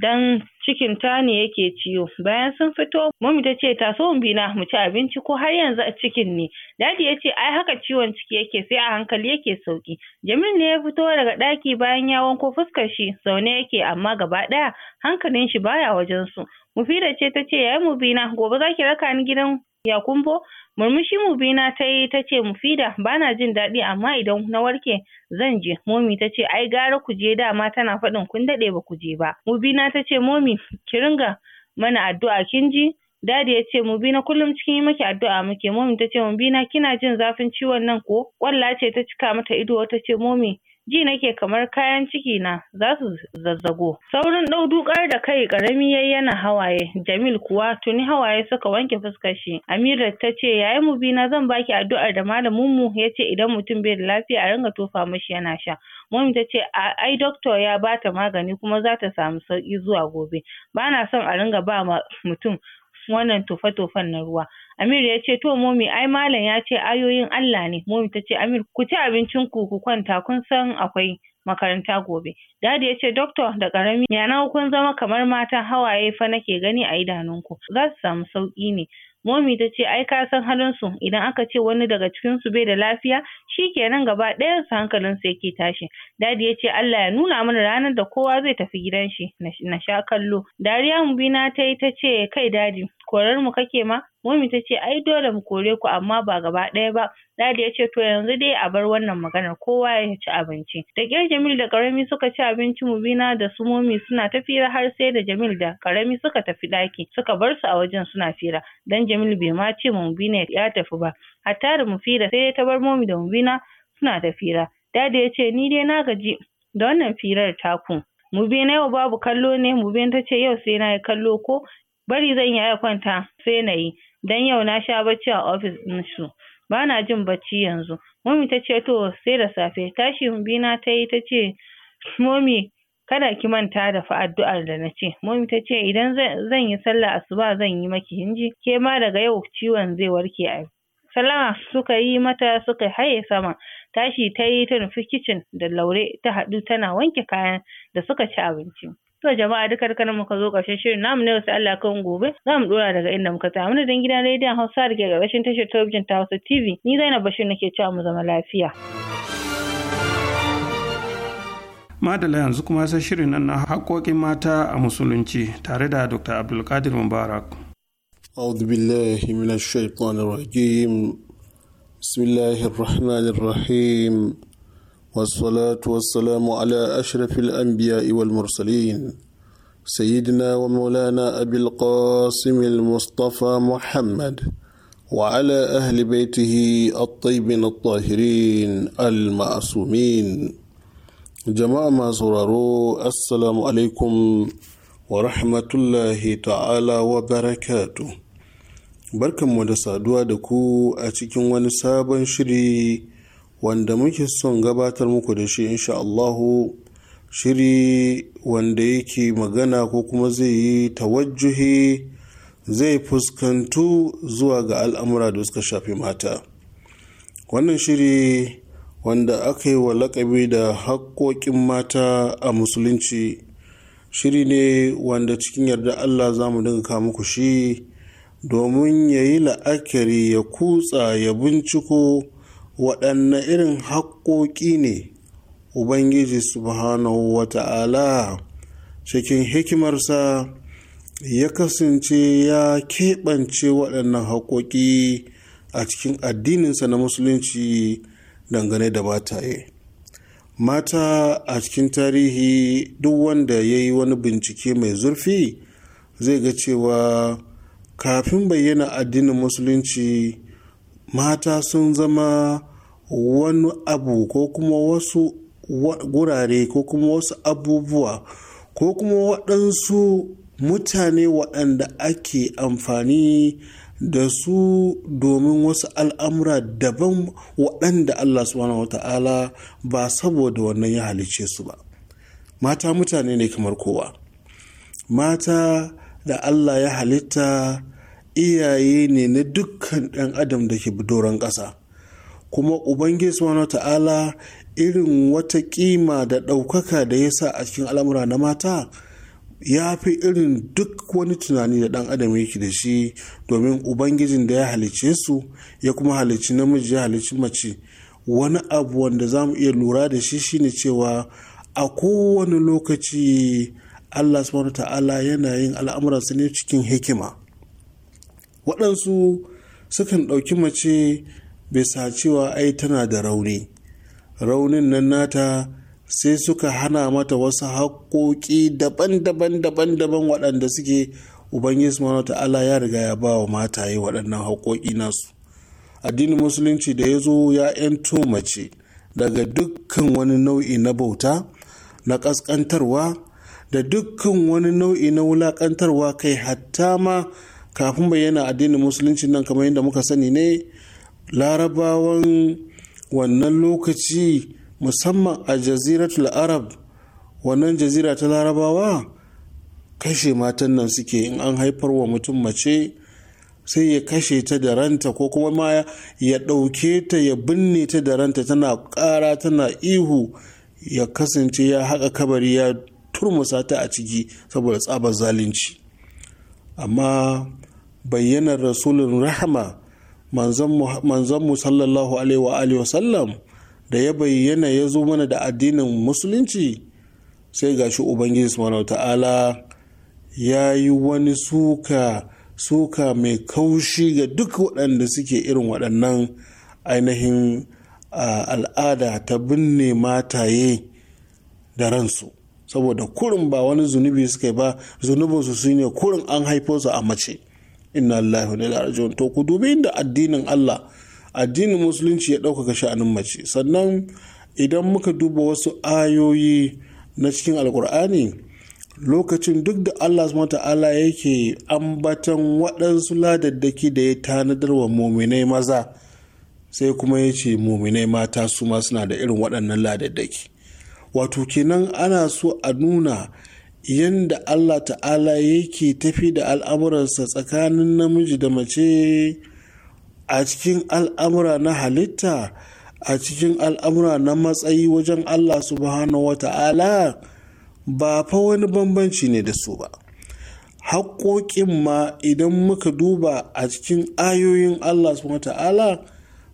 dan cikin ta ne yake ciwo bayan sun fito mummy ta ce taso mu bi mu ci abinci ko har yanzu a cikin ne dadi ya ce ai haka ciwon ciki yake sai a hankali yake sauki jamil ne ya fito daga daki bayan ya wanko fuskar shi zaune yake amma gaba daya hankalin shi baya wajen su mufida ce ta ce yayi mubina gobe zaki raka ni gidan yakumbo murmushi mubina ta yi ta ce mufida bana jin daɗi amma idan na warke zan je momi ta ce ai gara ku je dama tana faɗin kun daɗe ba ku je ba mubina ta ce momi mami ki ringa mana addu'a kin ji dadi ya ce mu bi na kullum cikin yi maki addu'a muke momi ta ce mu bi na? kina jin zafin ciwon nan ko kwalla ce ta cika mata ido ta ce momi ji nake kamar kayan ciki na zasu zazzago saurin ɗau dukar da kai ƙarami yayi yana hawaye Jamil kuwa tuni hawaye suka wanke fuskar shi Amira tace biyu na zan baki addu'ar da malamin mu Ya ce idan mutum bai da lafiya a ringa tofa mishi yana sha Mummy tace ai doctor ya bata magani kuma za ta samu sauki zuwa gobe bana son a ringa ba mutum wannan tofa-tofan na ruwa Amir ya ce to momi ai malam ya ce ayoyin Allah ne. Momi ta ce Amir ku ci abincin ku ku kwanta kun san akwai makaranta gobe. Dadi ya ce doctor da karami ya nawa kun zama kamar mata hawaye fa nake gani a idanunku. Za su samu sauki ne. Momi ta ce ai ka san su idan aka ce wani daga cikinsu bai da lafiya shi kenan gaba ɗayan su hankalin su yake tashi. Dadi ya ce Allah ya nuna mana ranar da kowa zai tafi gidan shi na sha kallo. Dariya Mubina ta yi ta ce kai dadi korar mu kake ma momi ta ce ai dole mu kore ku amma ba gaba ɗaya ba Ladi ya ce to yanzu dai a bar wannan maganar kowa ya ci abinci da ƙyar jamil da karami suka ci abinci mubina da su momi suna ta fira har sai da jamil da karami suka tafi ɗaki suka bar su a wajen suna fira dan jamil bai ma ce ma mubina ya tafi ba hatta da mu fira sai ta bar momi da mubina suna ta fira dadi ya ce ni dai na gaji da wannan firar taku mubina yau babu kallo ne mubina ta ce yau sai na yi kallo ko bari zan yi kwanta sai na yi dan yau na sha bacci a ofis ɗin su na jin bacci yanzu mummy ta ce to sai da safe tashi bina ta yi ta ce mummy kada ki manta da fa addu'ar da na ce mummy ta ce idan zan yi sallah asuba zan yi maki hinji ke ma daga yau ciwon zai warke a sallama suka yi mata suka haye sama tashi ta yi ta nufi kicin da laure ta haɗu tana wanke kayan da suka ci abinci To jama'a duka da kana muka zo ƙarshen shirin namu ne wasu Allah kan gobe za mu dora daga inda muka tsaya. Muna dan gidan rediyon Hausa da ke ƙarƙashin tashar talabijin ta Hausa TV. Ni Zainab Bashir nake cewa mu zama lafiya. Madala yanzu kuma sai shirin nan na haƙoƙin mata a musulunci tare da Dr. Abdulkadir Mubarak. أعوذ بالله من الشيطان الرجيم بسم الله الرحمن الرحيم والصلاة والسلام على أشرف الأنبياء والمرسلين سيدنا ومولانا أبي القاسم المصطفى محمد وعلى أهل بيته الطيبين الطاهرين المعصومين جماعة ما سرروا السلام عليكم ورحمة الله تعالى وبركاته barkanmu da saduwa da ku a cikin wani sabon shiri wanda muke son gabatar muku da shi insha Allahu shiri wanda yake magana ko kuma zai yi tawajjuhi zai fuskantu zuwa ga al'amura da suka shafi mata wannan shiri wanda aka yi wa lakabi da haƙƙoƙin mata a musulunci shiri ne wanda cikin yarda allah za mu dinga muku shi domin ya yi la'akari ya kutsa ya binciko waɗanne irin haƙoƙi ne ubangiji subhanahu wa ta'ala cikin hikimarsa ya kasance ya keɓance waɗannan haƙoƙi a cikin addininsa na musulunci dangane da mataye mata a cikin tarihi duk wanda ya yi wani bincike mai zurfi zai ga cewa kafin bayyana addinin musulunci mata sun zama wani abu ko kuma wasu gurare ko kuma wasu abubuwa ko kuma waɗansu mutane waɗanda ake amfani da su domin wasu al'amura daban waɗanda Allah subhanahu wata'ala ba saboda wannan ya halice su ba mata mutane ne kamar kowa mata da Allah ya halitta iyaye ne na dukkan ɗan adam da ke doron ƙasa kuma ubangiji subhanahu ta'ala irin wata kima da ɗaukaka da ya sa a cikin al'amura na mata ya fi irin duk wani tunani da ɗan adam yake da shi domin ubangijin da ya halicce su ya kuma halicci namiji ya halicci mace wani abu wanda za mu iya lura da shi shine cewa a kowane lokaci allah subhanahu ta'ala yana yin al'amuransa ne cikin hikima waɗansu sukan ɗauki mace bisa cewa ai tana da rauni raunin nan nata sai suka hana mata wasu haƙoƙi daban-daban daban-daban waɗanda suke ubangiji subhanahu ta'ala ya riga ya ba wa mataye waɗannan haƙoƙi nasu addinin musulunci da ya zo ya 'yanto mace daga dukkan wani nau'i na bauta na ƙasƙantarwa da dukkan wani nau'i na wulaƙantarwa kai hatta ma kafin bayyana addinin musulunci nan kamar yadda muka sani ne larabawan wannan lokaci musamman a jaziratul arab wannan jazira ta larabawa kashe matan nan suke in an haifar wa mutum mace sai ya kashe ta da ranta ko kuma ma ya ɗauke ta ya binne ta da ranta tana ƙara tana ihu ya kasance ya haƙa kabari ya turmusa ta a ciki saboda tsabar zalunci amma bayyanar rasulun rahama manzanmu sallallahu alaihi wa sallam da ya bayyana ya zo mana da addinin musulunci sai gashi ubangiji subhanahu ta'ala ya yi wani suka suka mai kaushi ga duk waɗanda suke irin waɗannan ainihin al'ada ta binne mataye da ransu saboda kurin ba wani zunubi suka ba zunubinsu su ne kurin an haifo su a mace inna Allah wa inna to ku dubi inda addinin Allah addinin musulunci ya ɗaukaka sha'anin mace sannan idan muka duba wasu ayoyi na cikin alkur'ani lokacin duk da allah ta'ala yake ambatan waɗansu ladaddaki da ya tanadar wa muminai maza sai kuma ya ce muminai mata su ma suna da irin waɗannan ladaddaki wato kenan ana so a nuna yadda Allah ta'ala yake tafi da al'amuransa tsakanin namiji da mace a cikin al'amura na halitta a cikin al'amura na matsayi wajen Allah subhanahu wa ta'ala ba fa wani bambanci ne da su ba haƙoƙin ma idan muka duba a cikin ayoyin Allah subhanahu wa ta'ala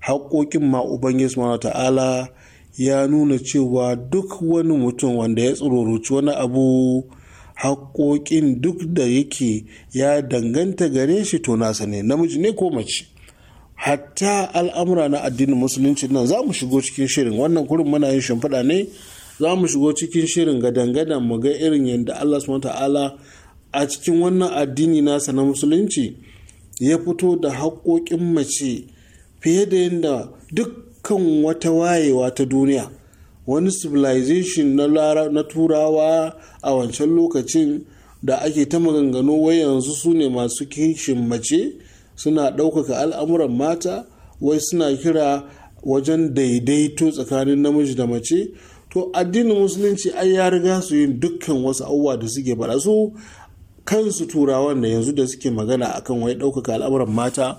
haƙoƙin ma Ubangiji subhanahu ta'ala ya nuna cewa duk wani mutum wanda ya tsururuci wani abu haƙoƙin duk da yake ya danganta gare shi to nasa ne namiji ne ko mace hatta al'amura na addinin musulunci nan za mu shigo cikin shirin wannan kurin muna yin shimfiɗa ne za mu shigo cikin shirin ga dangana mu ga irin yadda allah subhanahu ta'ala a cikin wannan addini nasa na musulunci ya fito da haƙoƙin mace fiye da yadda dukkan wata wayewa ta duniya wani civilization na turawa a wancan lokacin da ake ta maganganu wai yanzu su ne masu kishin mace suna ɗaukaka al'amuran mata wai suna kira wajen daidaito tsakanin namiji da mace to addinin musulunci ai ya riga su yin dukkan wasu abubuwa da suke faɗa su kansu turawan da yanzu da suke magana akan wai ɗaukaka al'amuran mata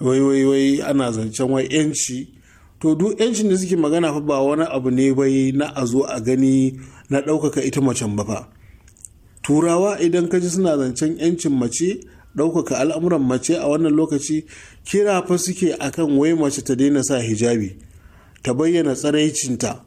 wai wai wai ana zancen wai yanci to duk yancin da suke magana fa ba wani abu ne bai na a zo a gani na ɗaukaka ita macen ba fa turawa idan ka ji suna zancen yancin mace ɗaukaka al'amuran mace a wannan lokaci kira fa suke akan wai mace ta daina sa hijabi ta bayyana tsaraicinta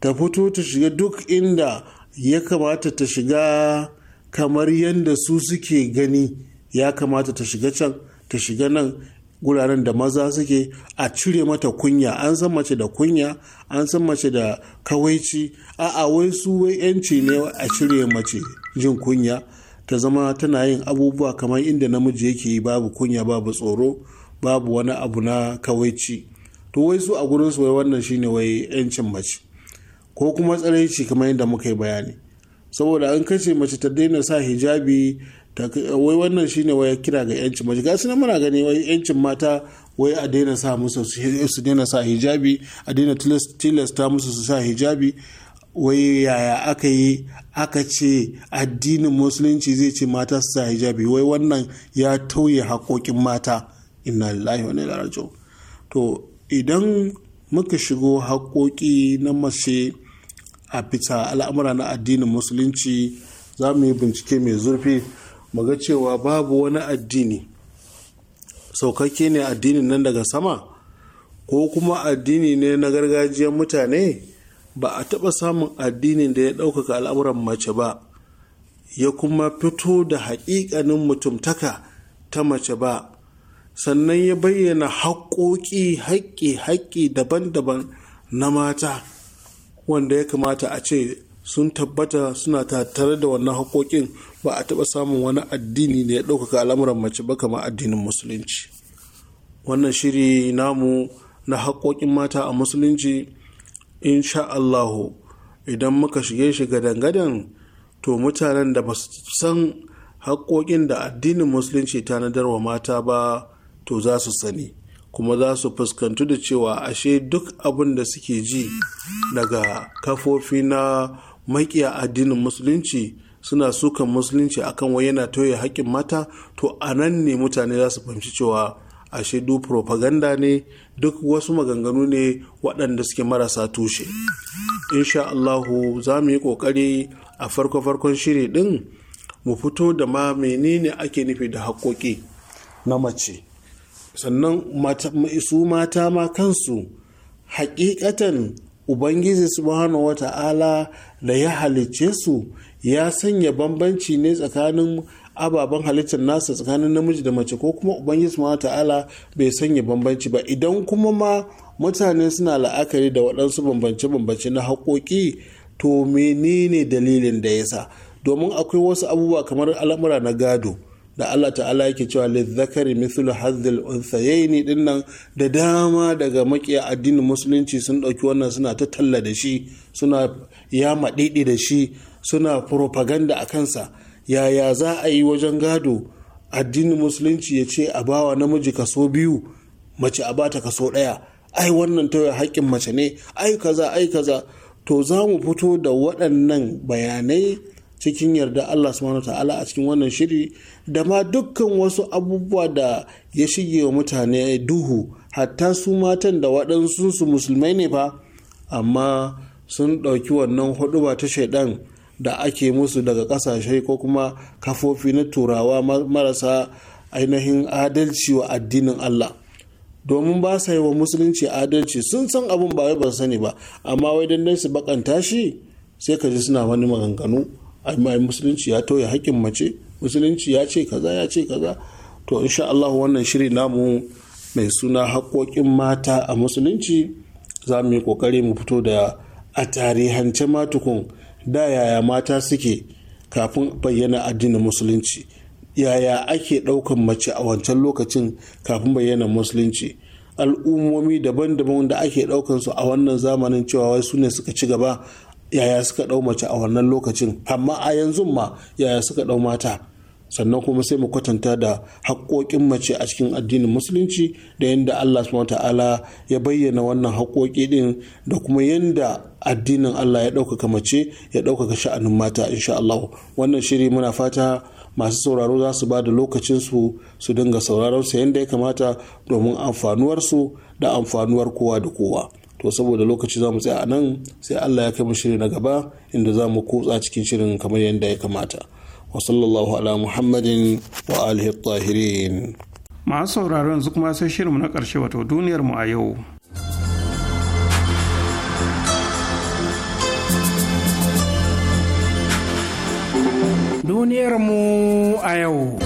ta fito ta shiga duk inda ya kamata ta shiga kamar yadda su suke gani ya kamata ta shiga can ta shiga nan guraren da maza suke a cire mata kunya an san mace da kunya an san mace da kawaici a wai su wai yanci ne a cire mace jin kunya ta zama tana yin abubuwa kamar inda namiji yake yi babu kunya babu tsoro babu wani abu na kawaici to wai su a gurin su wai wannan shine wai yancin mace ko kuma tsaraici kamar yadda muka yi bayani saboda an kace mace ta daina sa hijabi wai wannan shine wai kira ga yancin mace ga su muna gani wai yancin mata wai a daina sa musu su daina sa hijabi a daina tilasta musu su sa hijabi wai yaya aka yi aka ce addinin musulunci zai ce mata su sa hijabi wai wannan ya tauye haƙoƙin mata inna lillahi wa inna ilaihi to idan muka shigo haƙoƙi na mace a fita al'amura na addinin musulunci za mu yi bincike mai zurfi muga cewa babu wani addini saukakke ne addinin nan daga sama ko kuma addini ne na gargajiyar mutane ba a taɓa samun addinin da ya ɗaukaka al'amuran mace ba ya kuma fito da haƙiƙanin mutumtaka ta mace ba sannan ya bayyana haƙoƙi haƙƙi haƙƙi daban-daban na mata wanda ya kamata a ce sun tabbata suna tattare da wannan haƙoƙin ba a taɓa samun wani addini da ya ɗaukaka al'amuran mace ba kamar addinin musulunci wannan shiri namu na haƙoƙin mata a musulunci insha Allahu idan muka shige shi gadan-gadan to mutanen da ba su san haƙoƙin da addinin musulunci tanadarwa mata ba to za su sani kuma za su fuskantu da cewa ashe duk abin da suke ji daga kafofi na maƙiya addinin musulunci suna sukan musulunci akan wai yana toye haƙƙin mata to a nan ne mutane za su fahimci cewa ashe duk propaganda ne duk wasu maganganu ne waɗanda suke marasa tushe insha Allahu za mu yi ƙoƙari a farko-farkon shiri ɗin mu fito da ma menene ake nufi da haƙoƙi na mace sannan su mata ma kansu hakikatan ubangiji subhanahu wata'ala da ya halicce su ya sanya bambanci ne tsakanin ababen halittar nasa tsakanin namiji da mace ko kuma ubangiji ma ta'ala bai sanya bambanci ba idan kuma ma mutane suna la'akari da waɗansu bambance-bambance na haƙoƙi to menene dalilin da yasa domin akwai wasu abubuwa kamar al'amura na gado da Allah ta'ala yake cewa lizzakari mithlu hazil unsayaini dinnan da dama daga makiya addinin musulunci sun ɗauki wannan suna ta talla da shi suna ya maɗiɗi da shi suna propaganda a kansa yaya za a yi wajen gado addinin musulunci ya ce a bawa namiji kaso biyu mace a bata kaso ɗaya ai wannan tauye haƙƙin mace ne ai kaza ai kaza to za mu fito da waɗannan bayanai cikin yarda Allah subhanahu ta'ala a cikin wannan shiri da ma dukkan wasu abubuwa da ya shige wa mutane duhu hatta su matan da waɗansu su musulmai ne fa amma sun ɗauki wannan hudu ba ta shaidan da ake musu daga kasashe ko kuma kafofi na turawa marasa ainihin adalci wa addinin Allah domin ba sa yi wa musulunci adalci sun san abin ba wai ba sani ba amma wai dan su bakanta shi sai ka ji suna wani maganganu amma musulunci ya toye hakkin mace musulunci ya ce kaza ya ce kaza to insha Allah wannan shiri namu mai suna haƙoƙin mata a musulunci za mu yi ƙoƙari mu fito da a tarihance matukun da yaya mata suke kafin bayyana addinin musulunci yaya ake ɗaukan mace a wancan lokacin kafin bayyana musulunci al'ummomi daban-daban da ake ɗaukan su a wannan zamanin cewa wai su ne suka ci gaba yaya suka ɗau mace a wannan lokacin amma a yanzu ma yaya suka ɗau mata sannan kuma sai mu kwatanta da haƙoƙin mace a cikin addinin musulunci da yadda Allah subhanahu ta'ala ya bayyana wannan haƙoƙi ɗin da kuma yadda addinin Allah ya ɗaukaka mace ya ɗaukaka sha'anin mata insha Allah wannan shiri muna fata masu sauraro za su ba da lokacinsu su dinga sauraron su yadda ya kamata domin amfanuwarsu da amfanuwar kowa da kowa to saboda lokaci za mu tsaya a nan sai Allah ya kai mu shiri na gaba inda za mu kutsa cikin shirin kamar yadda ya kamata wa muhammadin wa alihi tahirin masu sauraro yanzu kuma sai shirinmu na ƙarshe wato duniyar mu a yau duniyar mu a yau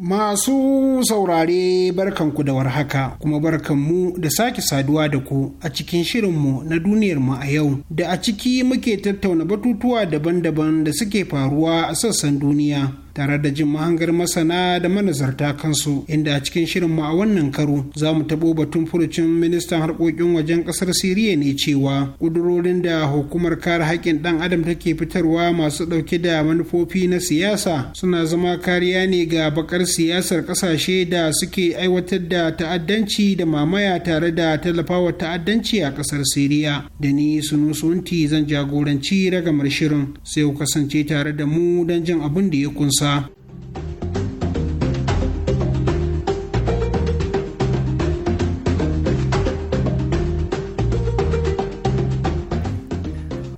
Masu saurare barkan ku da warhaka kuma barkanmu da sake saduwa da ku a cikin shirinmu na duniyarmu a yau da a ciki muke tattauna batutuwa daban-daban da suke faruwa a sassan duniya tare da jin mahangar masana da manazarta kansu inda a cikin shirin mu a wannan karo za mu tabo batun furucin ministan harkokin wajen kasar siriya ne cewa kudurorin da hukumar kare haƙƙin ɗan adam take fitarwa masu ɗauke da manufofi na siyasa suna zama kariya ne ga bakar siyasar ƙasashe da suke aiwatar da ta'addanci da mamaya tare da tallafawa ta'addanci a ƙasar siriya da ni sunti zan jagoranci ragamar shirin sai ku kasance tare da mu don jin abin da ya kunsa отца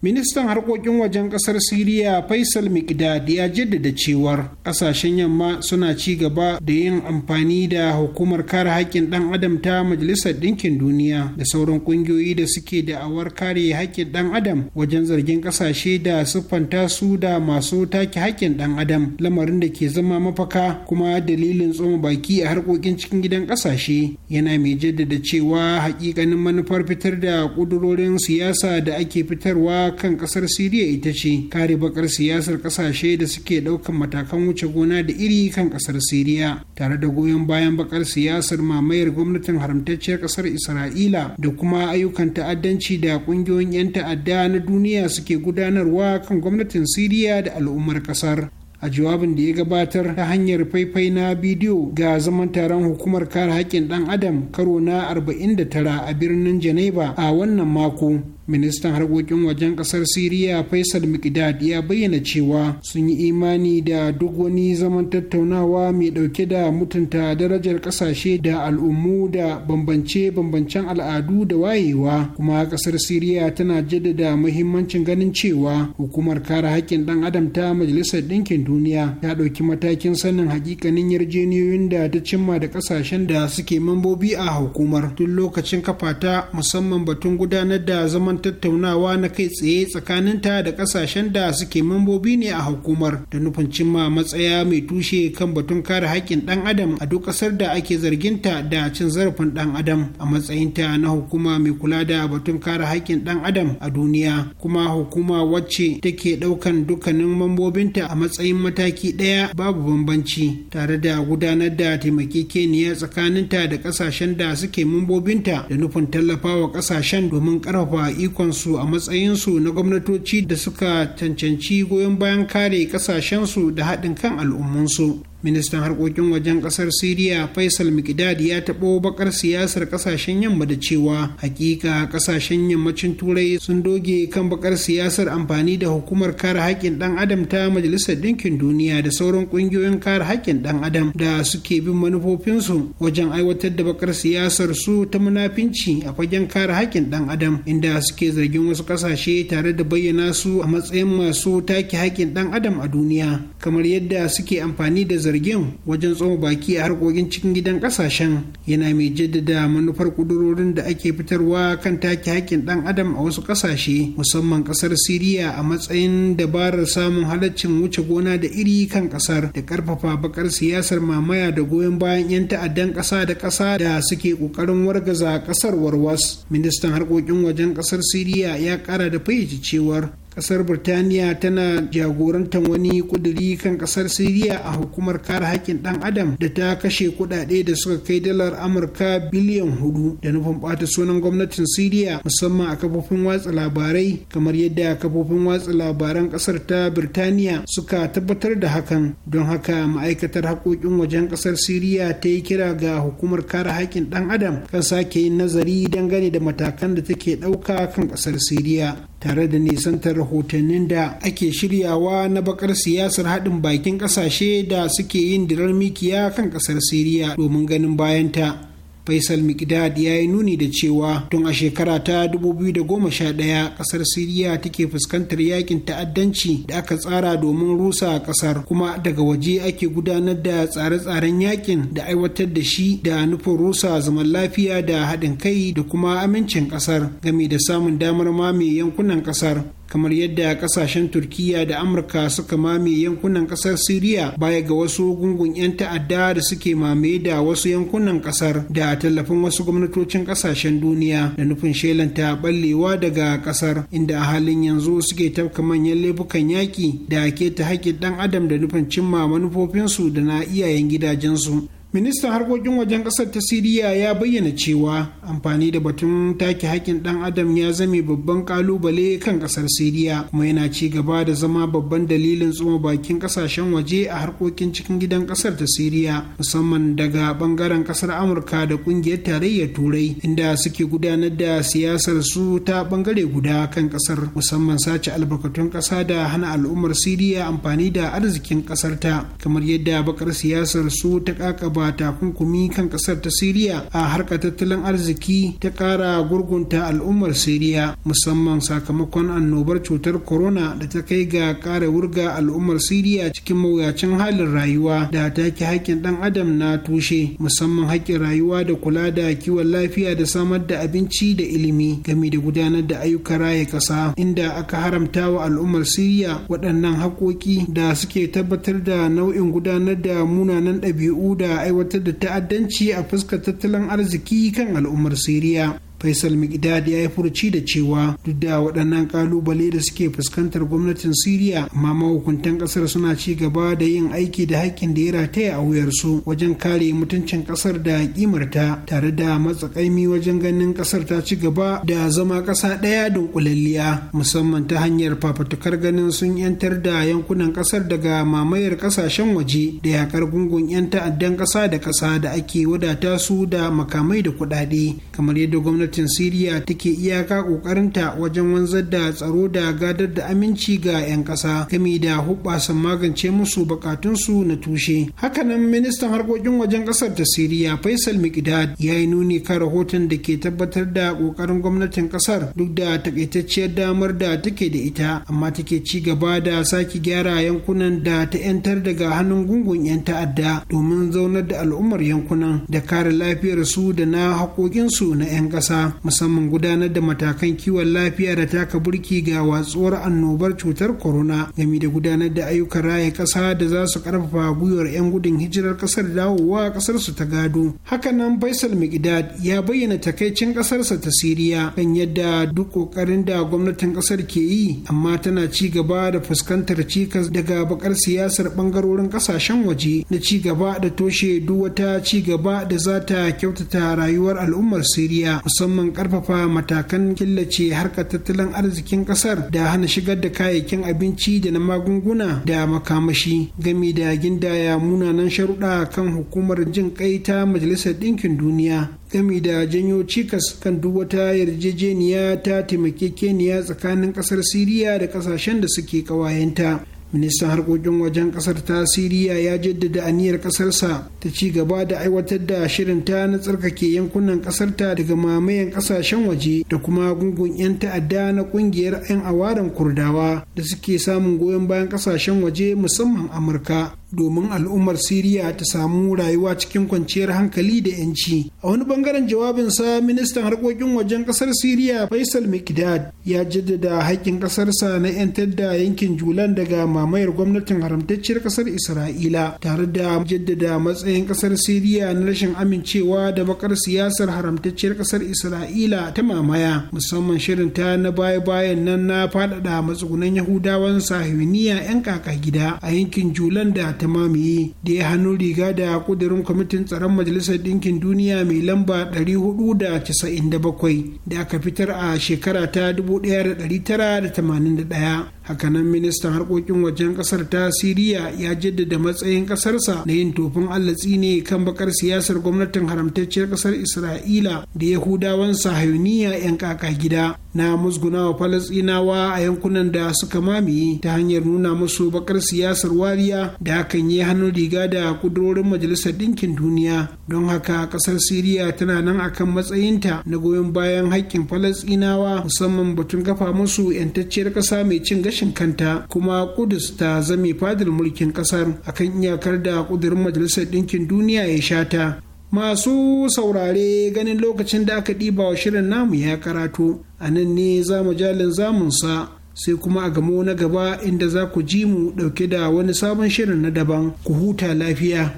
ministan harkokin wajen kasar siriya faisal mikdad ya jaddada cewar kasashen yamma suna ci gaba da yin amfani da hukumar kare haƙƙin ɗan adam ta majalisar ɗinkin duniya da sauran ƙungiyoyi da suke da awar kare haƙƙin ɗan adam wajen zargin kasashe da siffanta su da masu take haƙƙin ɗan adam lamarin da ke zama mafaka kuma dalilin tsoma baki a harkokin cikin gidan kasashe yana mai jaddada cewa haƙiƙanin manufar fitar da ƙudurorin siyasa da ake fitarwa kan kasar siriya ita ce kare bakar siyasar kasashe da suke daukan matakan wuce gona da iri kan kasar siriya tare da goyon bayan bakar siyasar mamayar gwamnatin haramtacciyar kasar isra'ila da kuma ayyukan ta'addanci da kungiyoyin 'yan ta'adda na duniya suke gudanarwa kan gwamnatin siriya da al'ummar kasar a jawabin da ya gabatar ta hanyar faifai na bidiyo ga zaman taron hukumar kare haƙƙin ɗan adam karo na 49 a birnin Geneva a wannan mako ministan harkokin wajen kasar siriya faisal mikdad ya bayyana cewa sun yi imani da duk wani zaman tattaunawa mai dauke da mutunta darajar kasashe da al'ummu da bambance-bambancen al'adu da wayewa kuma kasar siriya tana jaddada muhimmancin ganin cewa hukumar kare haƙƙin dan adam ta majalisar ɗinkin duniya ta ɗauki matakin sanin hakikanin yarjejeniyoyin da ta cimma da kasashen da suke mambobi a hukumar tun lokacin kafa ta musamman batun gudanar da zaman tattaunawa na kai tsaye tsakaninta da kasashen da suke mambobi ne a hukumar da nufin cimma matsaya mai tushe kan batun kare haƙƙin ɗan adam a duk ƙasar da ake zarginta da cin zarafin ɗan adam a matsayinta na hukuma mai kula da batun kare haƙƙin ɗan adam a duniya kuma hukuma wacce take ɗaukan dukkanin mambobinta a matsayin mataki ɗaya babu bambanci tare da gudanar da taimakekeniya tsakaninta da ƙasashen da suke mambobinta da nufin tallafawa ƙasashen domin ƙarfafa ikonsu a matsayinsu na gwamnatoci da suka cancanci goyon bayan kare kasashensu da haɗin kan al'ummunsu ministan harkokin wajen kasar siriya faisal mikdad ya taɓo bakar siyasar kasashen yamma da cewa hakika kasashen yammacin turai sun doge kan bakar siyasar amfani da hukumar kare haƙƙin ɗan adam ta majalisar ɗinkin duniya da sauran ƙungiyoyin kare haƙƙin ɗan adam da suke bin manufofinsu wajen aiwatar da bakar siyasar su ta munafinci a fagen kare haƙƙin ɗan adam inda suke zargin wasu kasashe tare da bayyana su a matsayin masu take haƙƙin ɗan adam a duniya kamar yadda suke amfani da zargin wajen tsoma baki a harkokin cikin gidan kasashen yana mai jaddada manufar kudurorin da ake fitarwa kan take haƙƙin ɗan adam a wasu ƙasashe musamman ƙasar siriya a matsayin dabarar samun halaccin wuce gona da iri kan ƙasar da ƙarfafa bakar siyasar mamaya da goyon bayan 'yan ta'addan ƙasa da ƙasa da suke ƙoƙarin wargaza ƙasar warwas ministan harkokin wajen ƙasar siriya ya kara da fayyace cewar kasar burtaniya tana jagorantar wani kuduri kan kasar siriya a hukumar kare haƙƙin ɗan adam da ta kashe kuɗaɗe da suka kai dalar amurka biliyan hudu da nufin ɓata sunan gwamnatin siriya musamman a kafofin watsa labarai kamar yadda kafofin watsa labaran kasar ta birtaniya suka tabbatar da hakan don haka ma'aikatar haƙoƙin wajen kasar siriya ta yi kira ga hukumar kare haƙƙin ɗan adam kan sake yin nazari dangane da matakan da take ɗauka kan kasar siriya tare da nisantar rahotannin da ake shiryawa na bakar siyasar haɗin bakin ƙasashe da suke yin dirar mikiya kan ƙasar siriya domin ganin bayanta faisal mikdad ya yi nuni da cewa tun a shekara ta 2011 kasar siriya take fuskantar yakin ta'addanci da aka tsara domin rusa a kasar kuma daga waje ake gudanar da tsare-tsaren yakin da aiwatar da shi da nufin rusa zaman lafiya da haɗin kai da kuma amincin kasar game da samun damar mame yankunan kasar kamar yadda kasashen turkiya da amurka suka mame yankunan kasar siriya baya ga wasu gungun 'yan ta'adda da suke mame da wasu yankunan kasar da tallafin wasu gwamnatocin kasashen duniya da nufin shelanta ballewa daga kasar inda a halin yanzu suke tafka manyan laifukan yaƙi da ta haƙƙin ɗan adam da nufin cimma manufofinsu da na iyayen gidajensu ministan harkokin wajen kasar ta siriya ya bayyana cewa amfani da batun take haƙƙin ɗan adam ya zame babban ƙalubale kan ƙasar siriya kuma yana ci gaba da zama babban dalilin tsoma bakin ƙasashen waje a harkokin cikin gidan ƙasar ta siriya musamman daga ɓangaren ƙasar amurka da ƙungiyar tarayyar turai inda suke gudanar da siyasar su ta bangare guda kan ƙasar musamman sace albarkatun ƙasa da hana al'ummar siriya amfani da arzikin kasar ta kamar yadda bakar siyasar su ta ƙaƙaba. ba takunkumi kan kasar ta siriya a harkar tattalin arziki ta kara gurgunta al'ummar siriya musamman sakamakon annobar cutar corona da ta kai ga kara wurga al'ummar siriya cikin mawuyacin halin rayuwa da ta take haƙƙin ɗan adam na tushe musamman haƙƙin rayuwa da kula da kiwon lafiya da samar da abinci da ilimi game da gudanar da ayyukan raya ƙasa inda aka haramta wa al'ummar siriya waɗannan haƙoƙi da suke tabbatar da nau'in gudanar da munanan ɗabi'u da aiwatar da ta'addanci a fuskar tattalin arziki kan al'ummar siriya faisal mikdad ya yi furci da cewa duk da waɗannan kalubale da suke fuskantar gwamnatin siriya amma mahukuntan ƙasar suna ci gaba da yin aiki da haƙƙin da ya rataya a wuyarsu wajen kare mutuncin ƙasar da kimarta tare da matsakaimi wajen ganin ƙasar ta ci gaba da zama ƙasa ɗaya dunkulalliya musamman ta hanyar fafatukar ganin sun yantar da yankunan ƙasar daga mamayar ƙasashen waje da yaƙar gungun 'yan ta'addan ƙasa da ƙasa da ake wadata su da makamai da kuɗaɗe kamar yadda gwamnati gwamnatin siriya take iyaka kokarinta wajen wanzar da tsaro da gadar da aminci ga 'yan ƙasa gami da hubbasan magance musu bukatunsu na tushe hakanan ministan harkokin wajen ƙasar ta siriya faisal mikdad ya yi nuni kan rahoton da ke tabbatar da kokarin gwamnatin ƙasar duk da takaitacciyar damar da take da ita amma take ci gaba da sake gyara yankunan da ta 'yantar daga hannun gungun 'yan ta'adda domin zaunar da al'ummar yankunan da kare lafiyar su da na haƙoƙinsu na 'yan ƙasa musamman gudanar da matakan kiwon lafiya da taka burki ga watsuwar annobar cutar corona game da gudanar da ayyukan raya ƙasa da za su ƙarfafa gwiwar 'yan gudun hijirar ƙasar dawowa ƙasarsu ta gado hakanan faisal mcdad ya bayyana takaicin ƙasarsa ta siriya kan yadda duk ƙoƙarin da gwamnatin ƙasar ke yi amma tana ci gaba da fuskantar cikas daga bakar siyasar ɓangarorin ƙasashen waje na ci gaba da toshe duk wata ci gaba da za ta kyautata rayuwar al'ummar siriya musamman musamman karfafa matakan killace harkar tattalin arzikin kasar da hana shigar da kayayyakin abinci da na magunguna da makamashi gami da gindaya munanan sharuɗa kan hukumar jin kai ta majalisar ɗinkin duniya gami da janyo cikas kan duk wata yarjejeniya ta keniya tsakanin kasar siriya da kasashen da suke kawayenta ministan harkokin wajen kasar ta siriya ya jaddada aniyar kasarsa ta ci gaba da aiwatar da shirinta na tsarkake yankunan kasarta daga mamayen kasashen waje da kuma gungun 'yan ta'adda na kungiyar 'yan awaren kurdawa da suke samun goyon bayan kasashen waje musamman amurka domin al'ummar siriya ta samu rayuwa cikin kwanciyar hankali da 'yanci a wani bangaren jawabinsa ministan harkokin wajen kasar siriya faisal mikdad ya jaddada haƙƙin kasarsa na 'yantar da yankin julan daga mamayar gwamnatin haramtacciyar kasar isra'ila tare da jaddada matsayin kasar siriya na rashin amincewa da bakar siyasar haramtacciyar kasar isra'ila ta mamaya musamman ta na baya-bayan nan na faɗaɗa matsugunan yahudawan sahiniya 'yan kaka gida a yankin julan da ta mamaye da ya hannu riga da kudurin kwamitin tsaron majalisar ɗinkin duniya mai lamba 497 da aka fitar a shekara ta 1981 hakanan ministan harkokin wajen kasar ta siriya ya jaddada matsayin kasarsa na yin tofin allatsi ne kan bakar siyasar gwamnatin haramtacciyar kasar isra'ila da yahudawan sahayuniya 'yan kaka gida na musgunawa falasinawa a yankunan da suka mamaye ta hanyar nuna musu bakar siyasar wariya da hakan yi hannun riga da kudurorin majalisar ɗinkin duniya don haka kasar siriya tana nan akan matsayinta na goyon bayan haƙƙin falasinawa musamman batun kafa musu 'yantacciyar ƙasa mai cin gashi gashin kanta kuma Kudus ta zame fadar mulkin ƙasar akan iyakar da ƙudurin Majalisar Ɗinkin Duniya ya shata. Masu saurare ganin lokacin da aka ɗiba wa shirin namu ya karatu, a nan ne za mu jalin zamunsa sai kuma a gamo na gaba inda za ku ji mu ɗauke da wani sabon shirin na daban ku huta lafiya.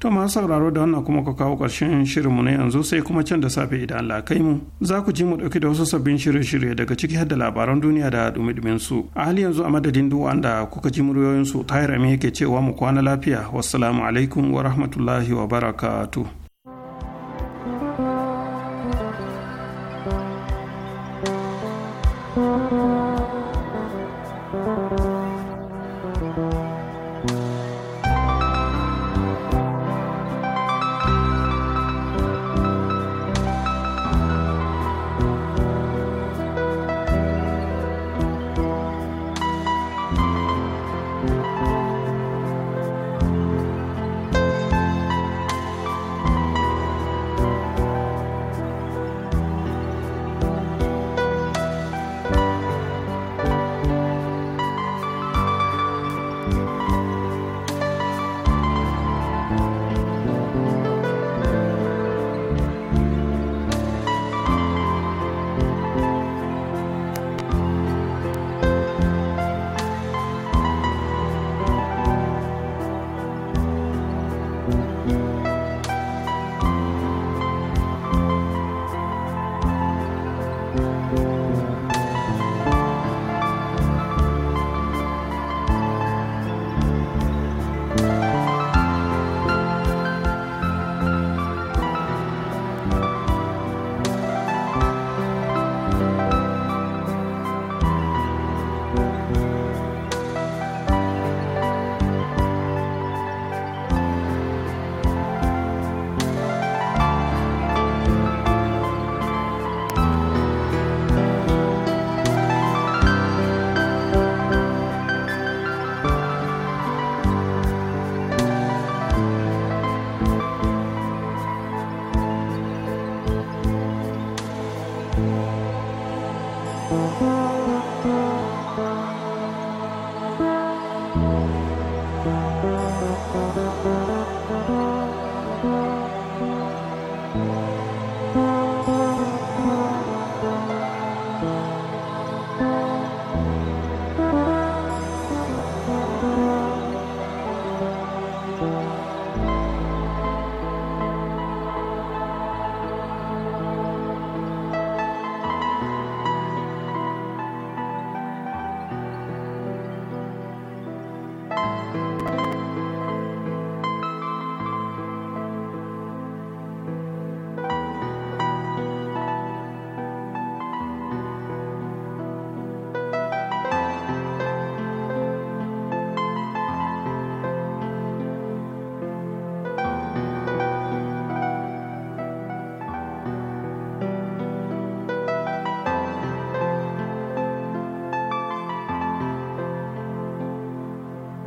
To masu sauraro da wannan kuma ka kawo ƙarshen shirinmu na yanzu sai kuma can da safe idan Allah kai mu. Za ku ji mu ɗauki da wasu sabbin shirye-shirye daga ciki har da labaran duniya da dumi su. A hali yanzu a madadin duk wanda kuka ji muryoyin su Tahir Amin yake cewa mu kwana lafiya. Wassalamu alaikum wa rahmatullahi wa barakatuh.